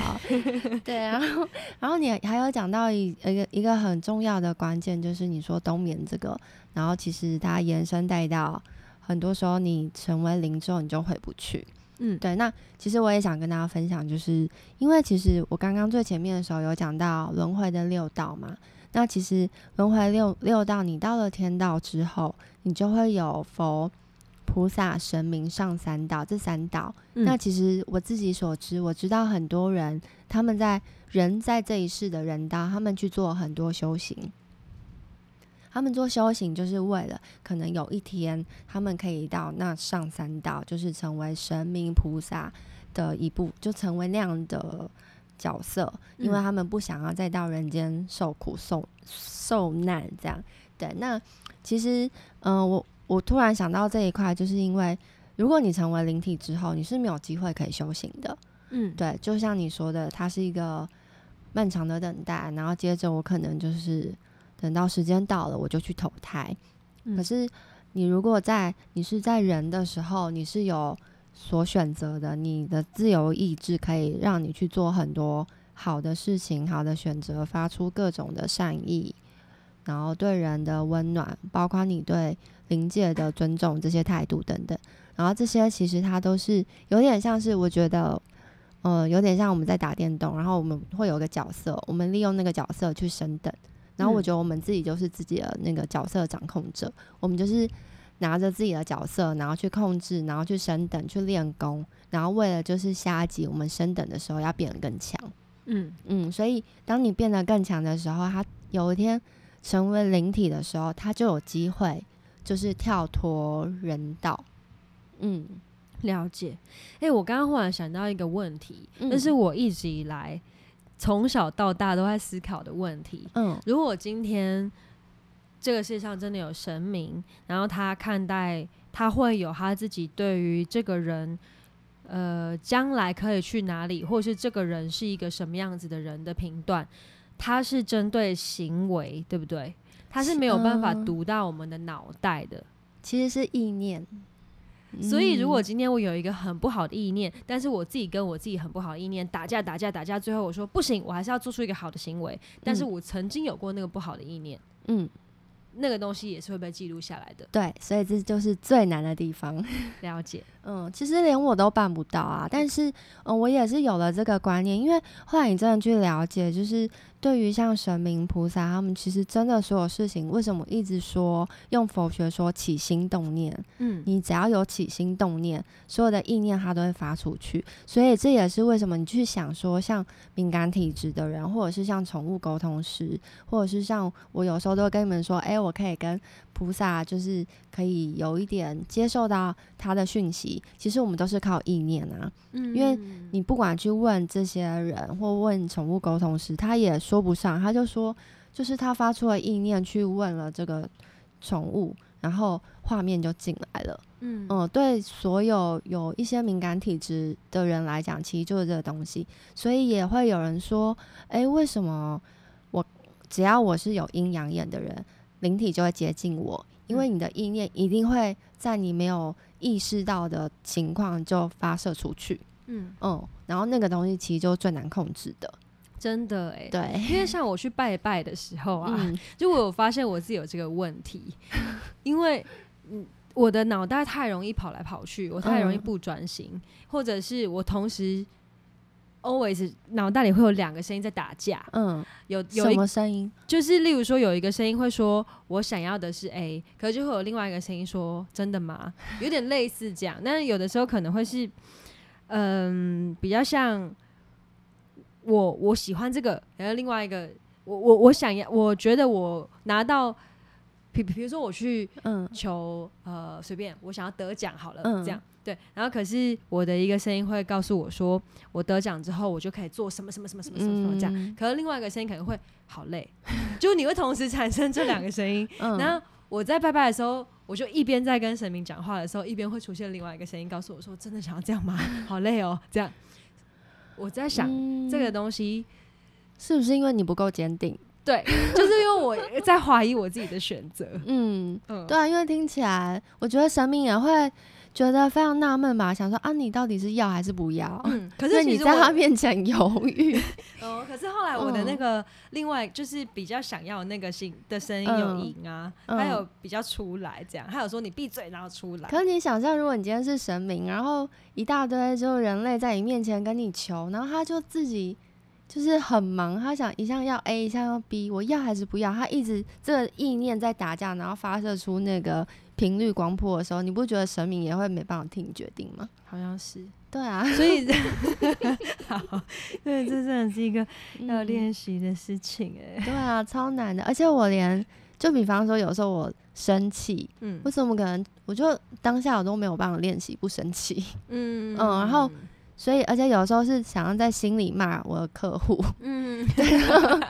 對、啊， 然後然後你還有講到一個一個很重要的關鍵，就是你說冬眠這個，然後其實它延伸帶到。很多時候，你成為靈之後，你就回不去。嗯，對。那其實我也想跟大家分享，就是因為其實我剛剛最前面的時候有講到輪回的六道嘛。那其實輪回六六道，你到了天道之後，你就會有佛、菩薩、神明上三道這三道。嗯。那其實我自己所知，我知道很多人他們在人在這一世的人道，他們去做很多修行。他們做修行就是為了可能有一天他們可以到那上三道，就是成為神明菩薩的一步，就成為那樣的角色，因為他們不想要再到人間受苦受受難這樣。對，那其實，嗯、呃，我我突然想到這一塊，就是因為如果你成為靈體之後，你是沒有機會可以修行的。嗯，對，就像你說的，它是一個漫長的等待，然後接着我可能就是。等到時間到了，我就去投胎。嗯、可是，你如果在你是在人的時候，你是有所選擇的，你的自由意志可以讓你去做很多好的事情、好的選擇，發出各種的善意，然後對人的溫暖，包括你對靈界的尊重這些態度等等。然後這些其實它都是有點像是我覺得，呃，有點像我們在打電動，然後我們會有個角色，我們利用那個角色去升等。然後我覺得我們自己就是自己的那個角色掌控者，嗯、我們就是拿着自己的角色，然後去控制，然後去升等，去練功，然後為了就是下一集我們升等的時候要變得更強。嗯嗯，所以當你變得更強的時候，他有一天成為靈體的時候，他就有機會就是跳脫人道。嗯，了解。誒、欸，我剛剛忽然想到一個問題，那、嗯就是我一直以來。從小到大都在思考的問題。嗯，如果今天這個世界上真的有神明，然後他看待他會有他自己對於這個人，呃，將來可以去哪裡，或是這個人是一個什麼樣子的人的評斷，他是針對行為，對不對？他是沒有辦法讀到我們的腦袋的，其實是意念。所以，如果今天我有一個很不好的意念，嗯，但是我自己跟我自己很不好的意念打架、打架、打架，最後我說不行，我還是要做出一個好的行為，嗯。但是我曾經有過那個不好的意念，嗯，那個東西也是會被記錄下來的。對，所以這就是最難的地方，了解。嗯，其實連我都辦不到啊，但是，嗯，我也是有了這個觀念，因為後來你真的去了解，就是對於像神明菩、菩薩他們，其實真的所有事情，為什麼一直說用佛學說起心動念？嗯，你只要有起心動念，所有的意念它都會發出去，所以這也是為什麼你去想說，像敏感體質的人，或者是像寵物溝通師，或者是像我有時候都會跟你們說，哎、欸，我可以跟。菩薩就是可以有一點接受到他的訊息。其實我們都是靠意念啊，因為你不管去問這些人或問寵物溝通師，他也說不上，他就說就是他發出了意念去問了這個寵物，然後畫面就進來了。嗯嗯，對所有有一些敏感體質的人來講，其實就是這個東西，所以也會有人說，哎、欸，為什麼我只要我是有陰陽眼的人？靈體就會接近我，因為你的意念一定會在你沒有意識到的情況就發射出去。嗯，嗯，然後那個東西其實就最難控制的，真的哎、欸。對，因為像我去拜拜的時候啊，嗯、就我有發現我自己有這個問題， 因為嗯，我的腦袋太容易跑來跑去，我太容易不專心、嗯，或者是我同時。always 腦袋裡會有兩個聲音在打架，嗯，有有什麼聲音？就是例如說，有一個聲音會說“我想要的是 A”，可是就會有另外一個聲音說“真的嗎？”有點類似這樣。那 有的時候可能會是，嗯，比較像我我喜歡這個，然後另外一個，我我我想要，我覺得我拿到。比比如說我去求嗯求呃，隨便我想要得獎好了，嗯、這樣對，然後可是我的一個聲音會告訴我說，我得獎之後我就可以做什麼什麼什麼什麼什麼什麼’。這樣、嗯，可是另外一個聲音可能會好累、嗯，就你會同時產生這兩個聲音。那、嗯、我在拜拜的時候，我就一邊在跟神明講話的時候，一邊會出現另外一個聲音告訴我說，真的想要這樣嗎？好累哦、喔，這樣。我在想、嗯、這個東西是不是因為你不夠堅定？對，就是因為我在懷疑我自己的選擇、 嗯。嗯，對啊，因為聽起來，我覺得神明也會覺得非常納悶吧，想說啊，你到底是要還是不要？嗯、可是你在他面前猶豫。哦，可是後來我的那個、嗯、另外就是比較想要那個心的聲音有贏啊、嗯嗯，他有比較出來這樣，他有說你閉嘴然後出來。可是你想象，如果你今天是神明，然後一大堆就是人類在你面前跟你求，然後他就自己。就是很忙，他想一下要 A，一下要 B，我要還是不要？他一直這個意念在打架，然後發射出那個頻率光譜的時候，你不覺得神明也會沒辦法替你決定嗎？好像是，對啊，所以這 好，對，這真的是一個要練習的事情哎、欸嗯。對啊，超難的，而且我連就比方說有時候我生氣，嗯，我怎麼可能？我就當下我都沒有辦法練習不生氣，嗯嗯，然後。所以，而且有時候是想要在心裡罵我的客戶，嗯，對，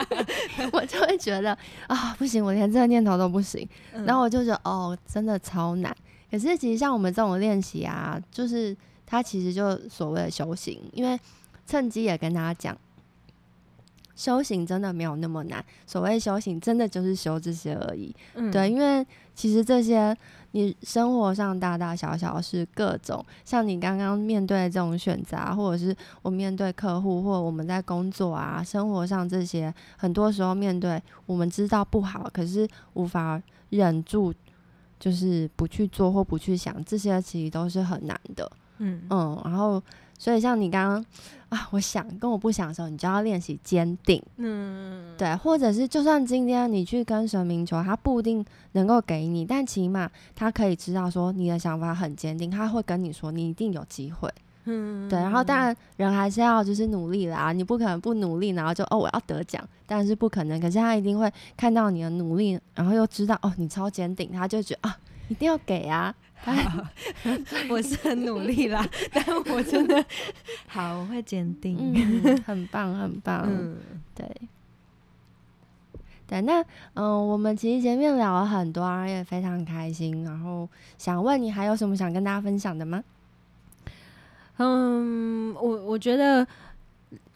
我就會覺得啊、哦，不行，我連這個念頭都不行，嗯、然後我就覺得哦，真的超難。可是其實像我們這種練習啊，就是它其實就所謂的修行，因為趁機也跟大家講，修行真的沒有那麼難。所謂修行，真的就是修這些而已。嗯、對，因為其實這些。你生活上大大小小事各種，像你剛剛面對這種選擇啊，或者是我面對客戶，或我們在工作啊、生活上這些，很多時候面對，我們知道不好，可是無法忍住，就是不去做或不去想，這些其實都是很難的。嗯嗯，然後。所以像你剛剛啊，我想跟我不想的時候，你就要練習堅定。嗯，對，或者是就算今天你去跟神明求，他不一定能夠給你，但起碼他可以知道說你的想法很堅定，他會跟你說你一定有機會。嗯，對。然後當然人還是要就是努力啦，你不可能不努力，然後就哦我要得獎，但是不可能。可是他一定會看到你的努力，然後又知道哦你超堅定，他就覺得啊一定要給啊。哎， 我是很努力啦， 但我真的好，我會堅定、嗯，很棒，很棒，嗯、對，對，那嗯、呃，我們其實前面聊了很多、啊，也非常開心，然後想問你還有什麼想跟大家分享的嗎？嗯，我我覺得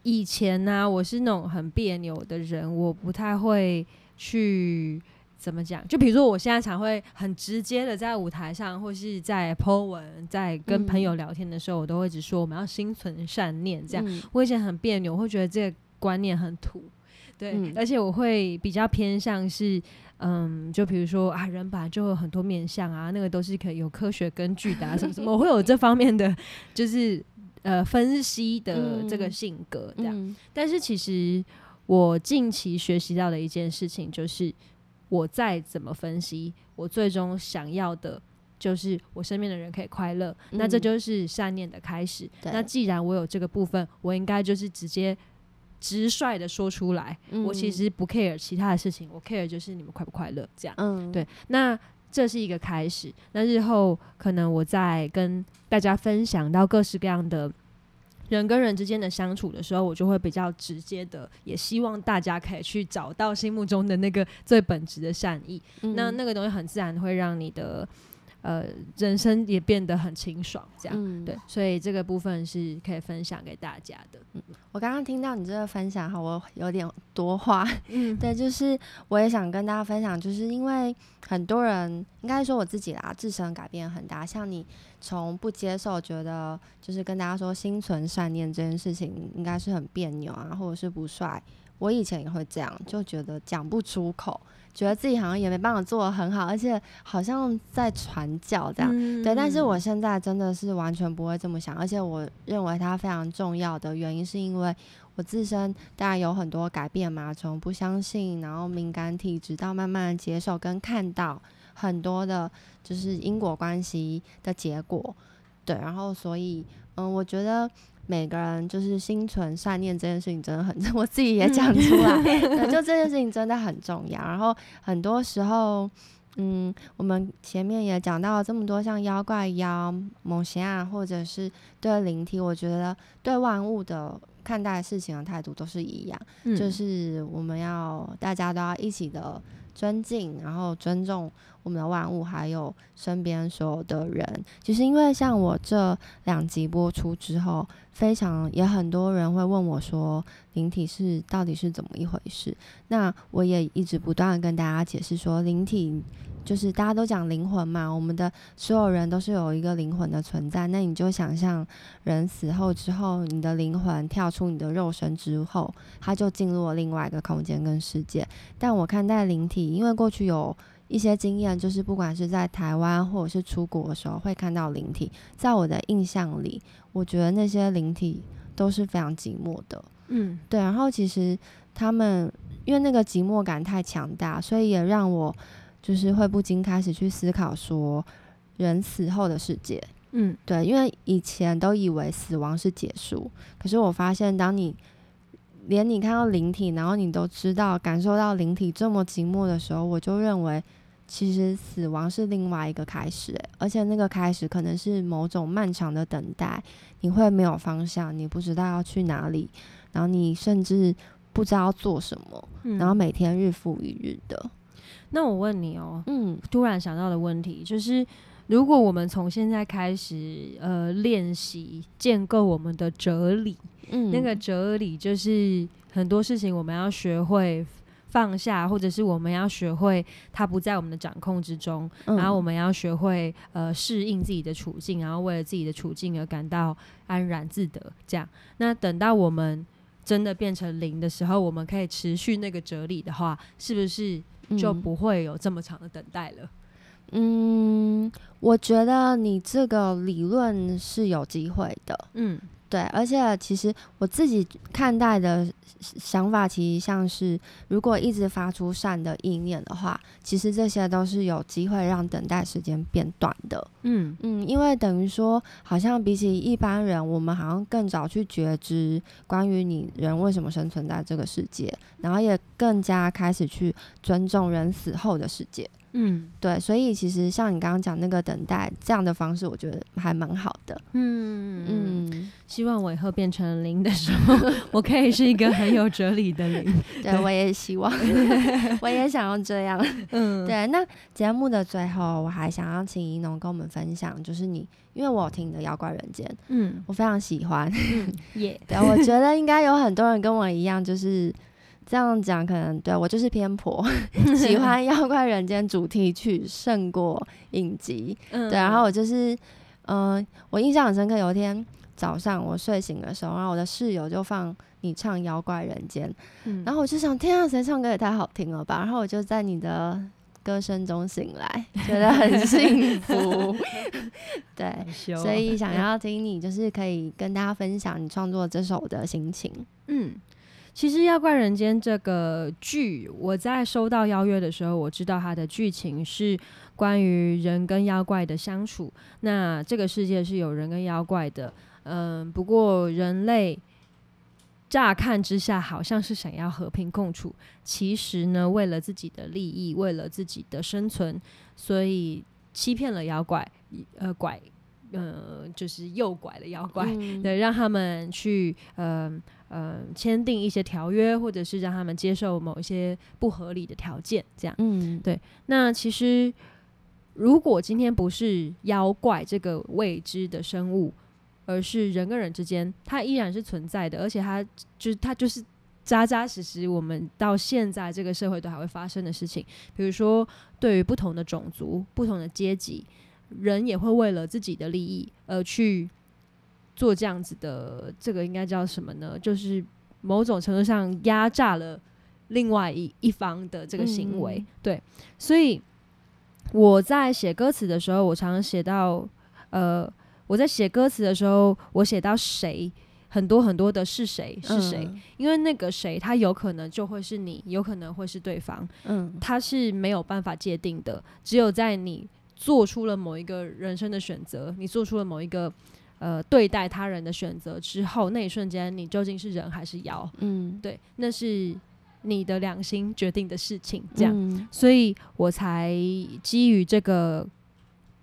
以前呢、啊，我是那種很彆扭的人，我不太會去。怎麼講？就比如說，我現在常會很直接的在舞台上，或是在 Po 文，在跟朋友聊天的時候，嗯、我都會一直說我們要心存善念。這樣、嗯，我以前很彆扭，我會覺得這個觀念很土。對、嗯，而且我會比較偏向是，嗯，就比如說啊，人本來就有很多面相啊，那個都是可以有科學根據的、啊，什 麼什麼，我會有這方面的就是呃分析的這個性格這樣。嗯、但是其實我近期學習到的一件事情就是。我再怎麼分析，我最終想要的就是我身邊的人可以快樂，嗯，那這就是善念的開始。那既然我有這個部分，我應該就是直接直率的說出來，嗯。我其實不 care 其他的事情，我 care 就是你們快不快樂。這樣，嗯，對，那這是一個開始。那日後可能我再跟大家分享到各式各樣的。人跟人之間的相處的時候，我就會比較直接的，也希望大家可以去找到心目中的那個最本質的善意，嗯。那那個東西很自然會讓你的。呃，人生也變得很清爽，這樣，對，嗯，所以這個部分是可以分享給大家的。嗯，我剛剛聽到你這個分享哈，我有點多話，嗯。對，就是我也想跟大家分享，就是因為很多人應該說我自己啦，自身改變很大。像你從不接受，覺得就是跟大家說心存善念這件事情，應該是很彆扭啊，或者是不帥。我以前也會這樣，就覺得講不出口。覺得自己好像也沒辦法做得很好，而且好像在傳教這樣、嗯，對。但是我現在真的是完全不會這麼想，而且我認為它非常重要的原因是因為我自身當然有很多改變嘛，從不相信，然後敏感體質到慢慢接受跟看到很多的，就是因果關係的結果，對。然後所以，嗯，我覺得。每個人就是心存善念這件事情真的很重要，我自己也講出來、嗯，就這件事情真的很重要。然後很多時候，嗯，我們前面也講到了這麼多，像妖怪、妖、魔神仔啊，或者是對靈體，我覺得對萬物的看待事情的態度都是一樣，嗯、就是我們要大家都要一起的尊敬，然後尊重，我們的萬物，還有身邊所有的人，其實因為像我這兩集播出之後，非常也很多人會問我說：“靈體是到底是怎麼一回事？”那我也一直不斷跟大家解釋說，靈體就是大家都講靈魂嘛，我們的所有人都是有一個靈魂的存在。那你就想象人死後之後，你的靈魂跳出你的肉身之後，它就進入了另外一個空間跟世界。但我看待靈體，因為過去有。一些經驗就是，不管是在台灣或者是出國的時候，會看到靈體。在我的印象裡，我覺得那些靈體都是非常寂寞的。嗯，對。然後其實他們因為那個寂寞感太強大，所以也讓我就是會不禁開始去思考說，人死後的世界。嗯，對。因為以前都以為死亡是結束，可是我發現，當你連你看到靈體，然後你都知道感受到靈體這麼寂寞的時候，我就認為。其實死亡是另外一個開始，欸，而且那個開始可能是某種漫長的等待。你會沒有方向，你不知道要去哪裡，然後你甚至不知道做什麼，然後每天日復一日的。嗯、那我問你哦、喔，嗯，突然想到的問題就是，如果我們從現在開始，呃，練習建構我們的哲理，嗯，那個哲理就是很多事情我們要學會。放下，或者是我們要學會，它，不在我們的掌控之中，嗯、然後我們要學會呃適應自己的處境，然後為了自己的處境而感到安然自得。這樣，那等到我們真的變成靈的時候，我們可以持續那個哲理的話，是不是就不會有這麼長的等待了？嗯，嗯我覺得你這個理論是有機會的，嗯。對，而且其實我自己看待的想法，其實像是如果一直發出善的意念的話，其實這些都是有機會讓等待時間變短的。嗯嗯，因為等於說，好像比起一般人，我們好像更早去覺知關於你人為什麼生存在這個世界，然後也更加開始去尊重人死後的世界。嗯，對，所以其實像你剛剛講那個等待這樣的方式，我覺得還蠻好的。嗯嗯，希望我以後變成靈的時候， 我可以是一個很有哲理的靈。 對，對我也希望， 我也想要這樣。嗯、對。那節目的最後，我還想要請宜農跟我們分享，就是你，因為我有聽你的《妖怪人間》，嗯，我非常喜歡。耶、嗯。 yeah. 對，我覺得應該有很多人跟我一樣，就是。這樣講可能對我就是偏頗，喜歡《妖怪人間》主題曲勝過影集。 對，然後我就是，嗯、呃，我印象很深刻。有一天早上我睡醒的時候，然後我的室友就放你唱《妖怪人間》，嗯，然後我就想，天啊，誰唱歌也太好聽了吧！然後我就在你的歌聲中醒來，覺得很幸福。 對，所以想要聽你，就是可以跟大家分享你創作這首的心情。嗯。其實《妖怪人間》這個劇，我在收到邀約的時候，我知道它的劇情是關於人跟妖怪的相處。那這個世界是有人跟妖怪的，嗯、呃，不過人類乍看之下好像是想要和平共處，其實呢，為了自己的利益，為了自己的生存，所以欺騙了妖怪，呃，拐，嗯、呃，就是誘拐了妖怪、嗯，對，讓他們去，嗯、呃。呃，簽訂一些條約，或者是讓他們接受某一些不合理的條件，這樣。嗯，對。那其實，如果今天不是妖怪這個未知的生物，而是人跟人之間，它依然是存在的，而且它就是它就是扎扎實實，我們到現在這個社會都還會發生的事情。比如說，對於不同的種族、不同的階級，人也會為了自己的利益而去。做這樣子的，這個應該叫什麼呢？就是某種程度上壓榨了另外一一方的這個行為。嗯、對，所以我在寫歌詞的時候，我常常寫到，呃，我在寫歌詞的時候，我寫到誰，很多很多的是誰是誰、嗯，因為那個誰，他有可能就會是你，有可能會是對方。嗯，他是沒有辦法界定的，只有在你做出了某一個人生的選擇，你做出了某一個。呃，對待他人的選擇之後，那一瞬間你究竟是人還是妖？嗯，對，那是你的良心決定的事情，這樣，嗯，所以我才基於這個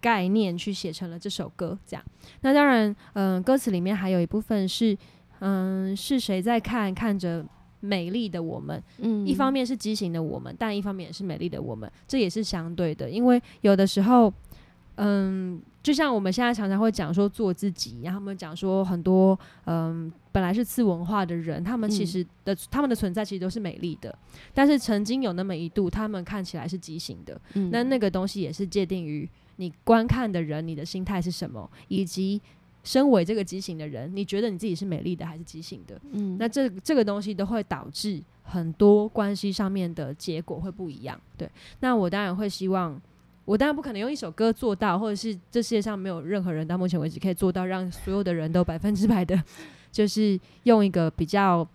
概念去寫成了這首歌。這樣，那當然，嗯，歌詞裡面還有一部分是，嗯，是誰在看看着美麗的我們？嗯，一方面是畸形的我們，但一方面也是美麗的我們，這也是相對的，因為有的時候，嗯。就像我們現在常常會講說做自己，然後他們講說很多嗯、呃，本來是次文化的人，他們其實的、嗯、他們的存在其實都是美麗的，但是曾經有那麼一度，他們看起來是畸形的，嗯、那那個東西也是界定於你觀看的人，你的心態是什麼，以及身為這個畸形的人，你覺得你自己是美麗的還是畸形的？嗯，那這這個東西都會導致很多關係上面的結果會不一樣。對，那我當然會希望。我當然不可能用一首歌做到，或者是這世界上沒有任何人到目前為止可以做到，讓所有的人都百分之百的， 就是用一個比較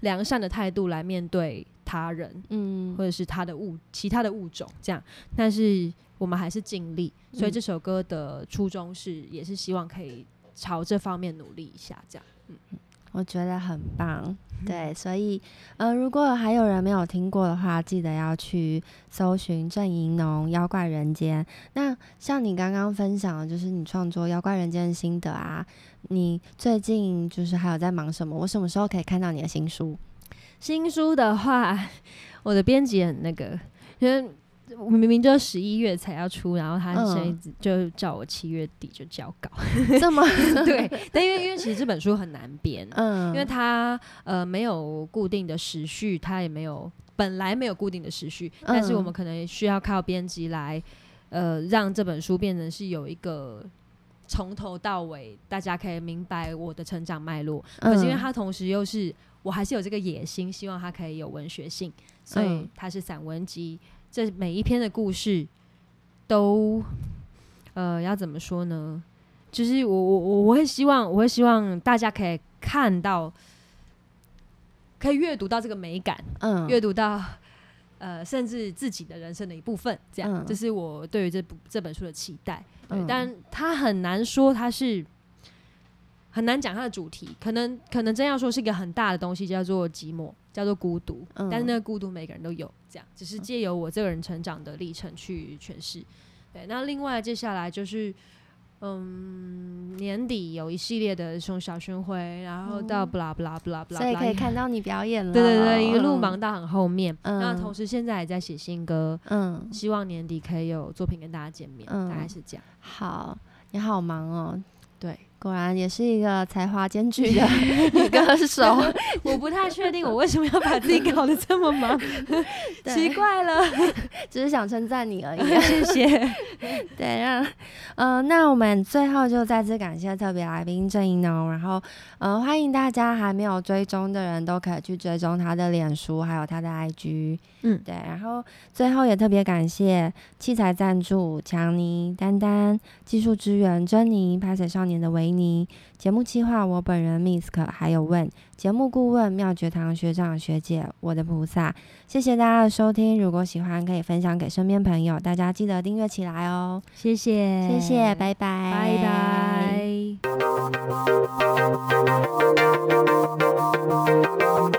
良善的態度來面對他人，嗯，或者是他的物其他的物種這樣。但是我們還是盡力，嗯，所以這首歌的初衷是也是希望可以朝這方面努力一下這樣。嗯。我覺得很棒，對，所以嗯、呃，如果還有人沒有聽過的話，記得要去搜尋鄭宜農《妖怪人間》。那像你剛剛分享的，就是你創作《妖怪人間》的心得啊。你最近就是還有在忙什麼？我什麼時候可以看到你的新書？新書的話，我的編輯很那個，因為。我明明就十一月才要出，然後他現在直接就叫我七月底就交稿，這、嗯、 什麼 對？但因為因為其實這本書很難編，嗯，因為它呃沒有固定的時序，它也沒有本來沒有固定的時序，但是我們可能需要靠編輯來、嗯、呃讓這本書變成是有一個從頭到尾大家可以明白我的成長脈絡、嗯。可是因為它同時又是我還是有這個野心，希望它可以有文學性，所以它是散文集。嗯這每一篇的故事，都，呃，要怎麼說呢？就是我我我我會希望，我會希望大家可以看到，可以閱讀到這個美感，嗯，閱讀到，呃，甚至自己的人生的一部分。這樣，嗯，這是我對於這部這本書的期待，嗯。但他很難說他是，很難講他的主題，可能可能真要說是一個很大的東西，叫做寂寞。叫做孤獨、嗯，但是那個孤獨每個人都有，這樣只是借由我這個人成長的歷程去詮釋。對，那另外接下來就是，嗯，年底有一系列的從小巡迴，然後到布拉布拉布拉布拉，所以可以看到你表演了。對對對，哦、一路忙到很後面。嗯、那同時現在也在寫新歌，嗯，希望年底可以有作品跟大家見面，嗯、大概是這樣。好，你好忙哦，對。果然也是一個才華兼具的女歌手。 我不太確定我為什麼要把自己搞得這麼忙， 對 奇怪了， 只是想稱讚你而已，啊。 謝謝 對。對、嗯、啊， 嗯，那我們最後就再次感謝特別來賓鄭宜農，然後呃，歡迎大家還沒有追蹤的人都可以去追蹤他的臉書還有他的 IG。嗯，對。然後最後也特別感謝器材贊助強尼丹、丹丹，技術支援珍妮，拍攝少年的唯一。你節目企劃，我本人 Misc 還有問節目顧問妙覺堂學長學姐，我的菩薩，謝謝大家的收聽。如果喜歡，可以分享給身邊朋友，大家記得訂閱起來哦。謝謝，謝謝，拜拜，拜拜，拜拜。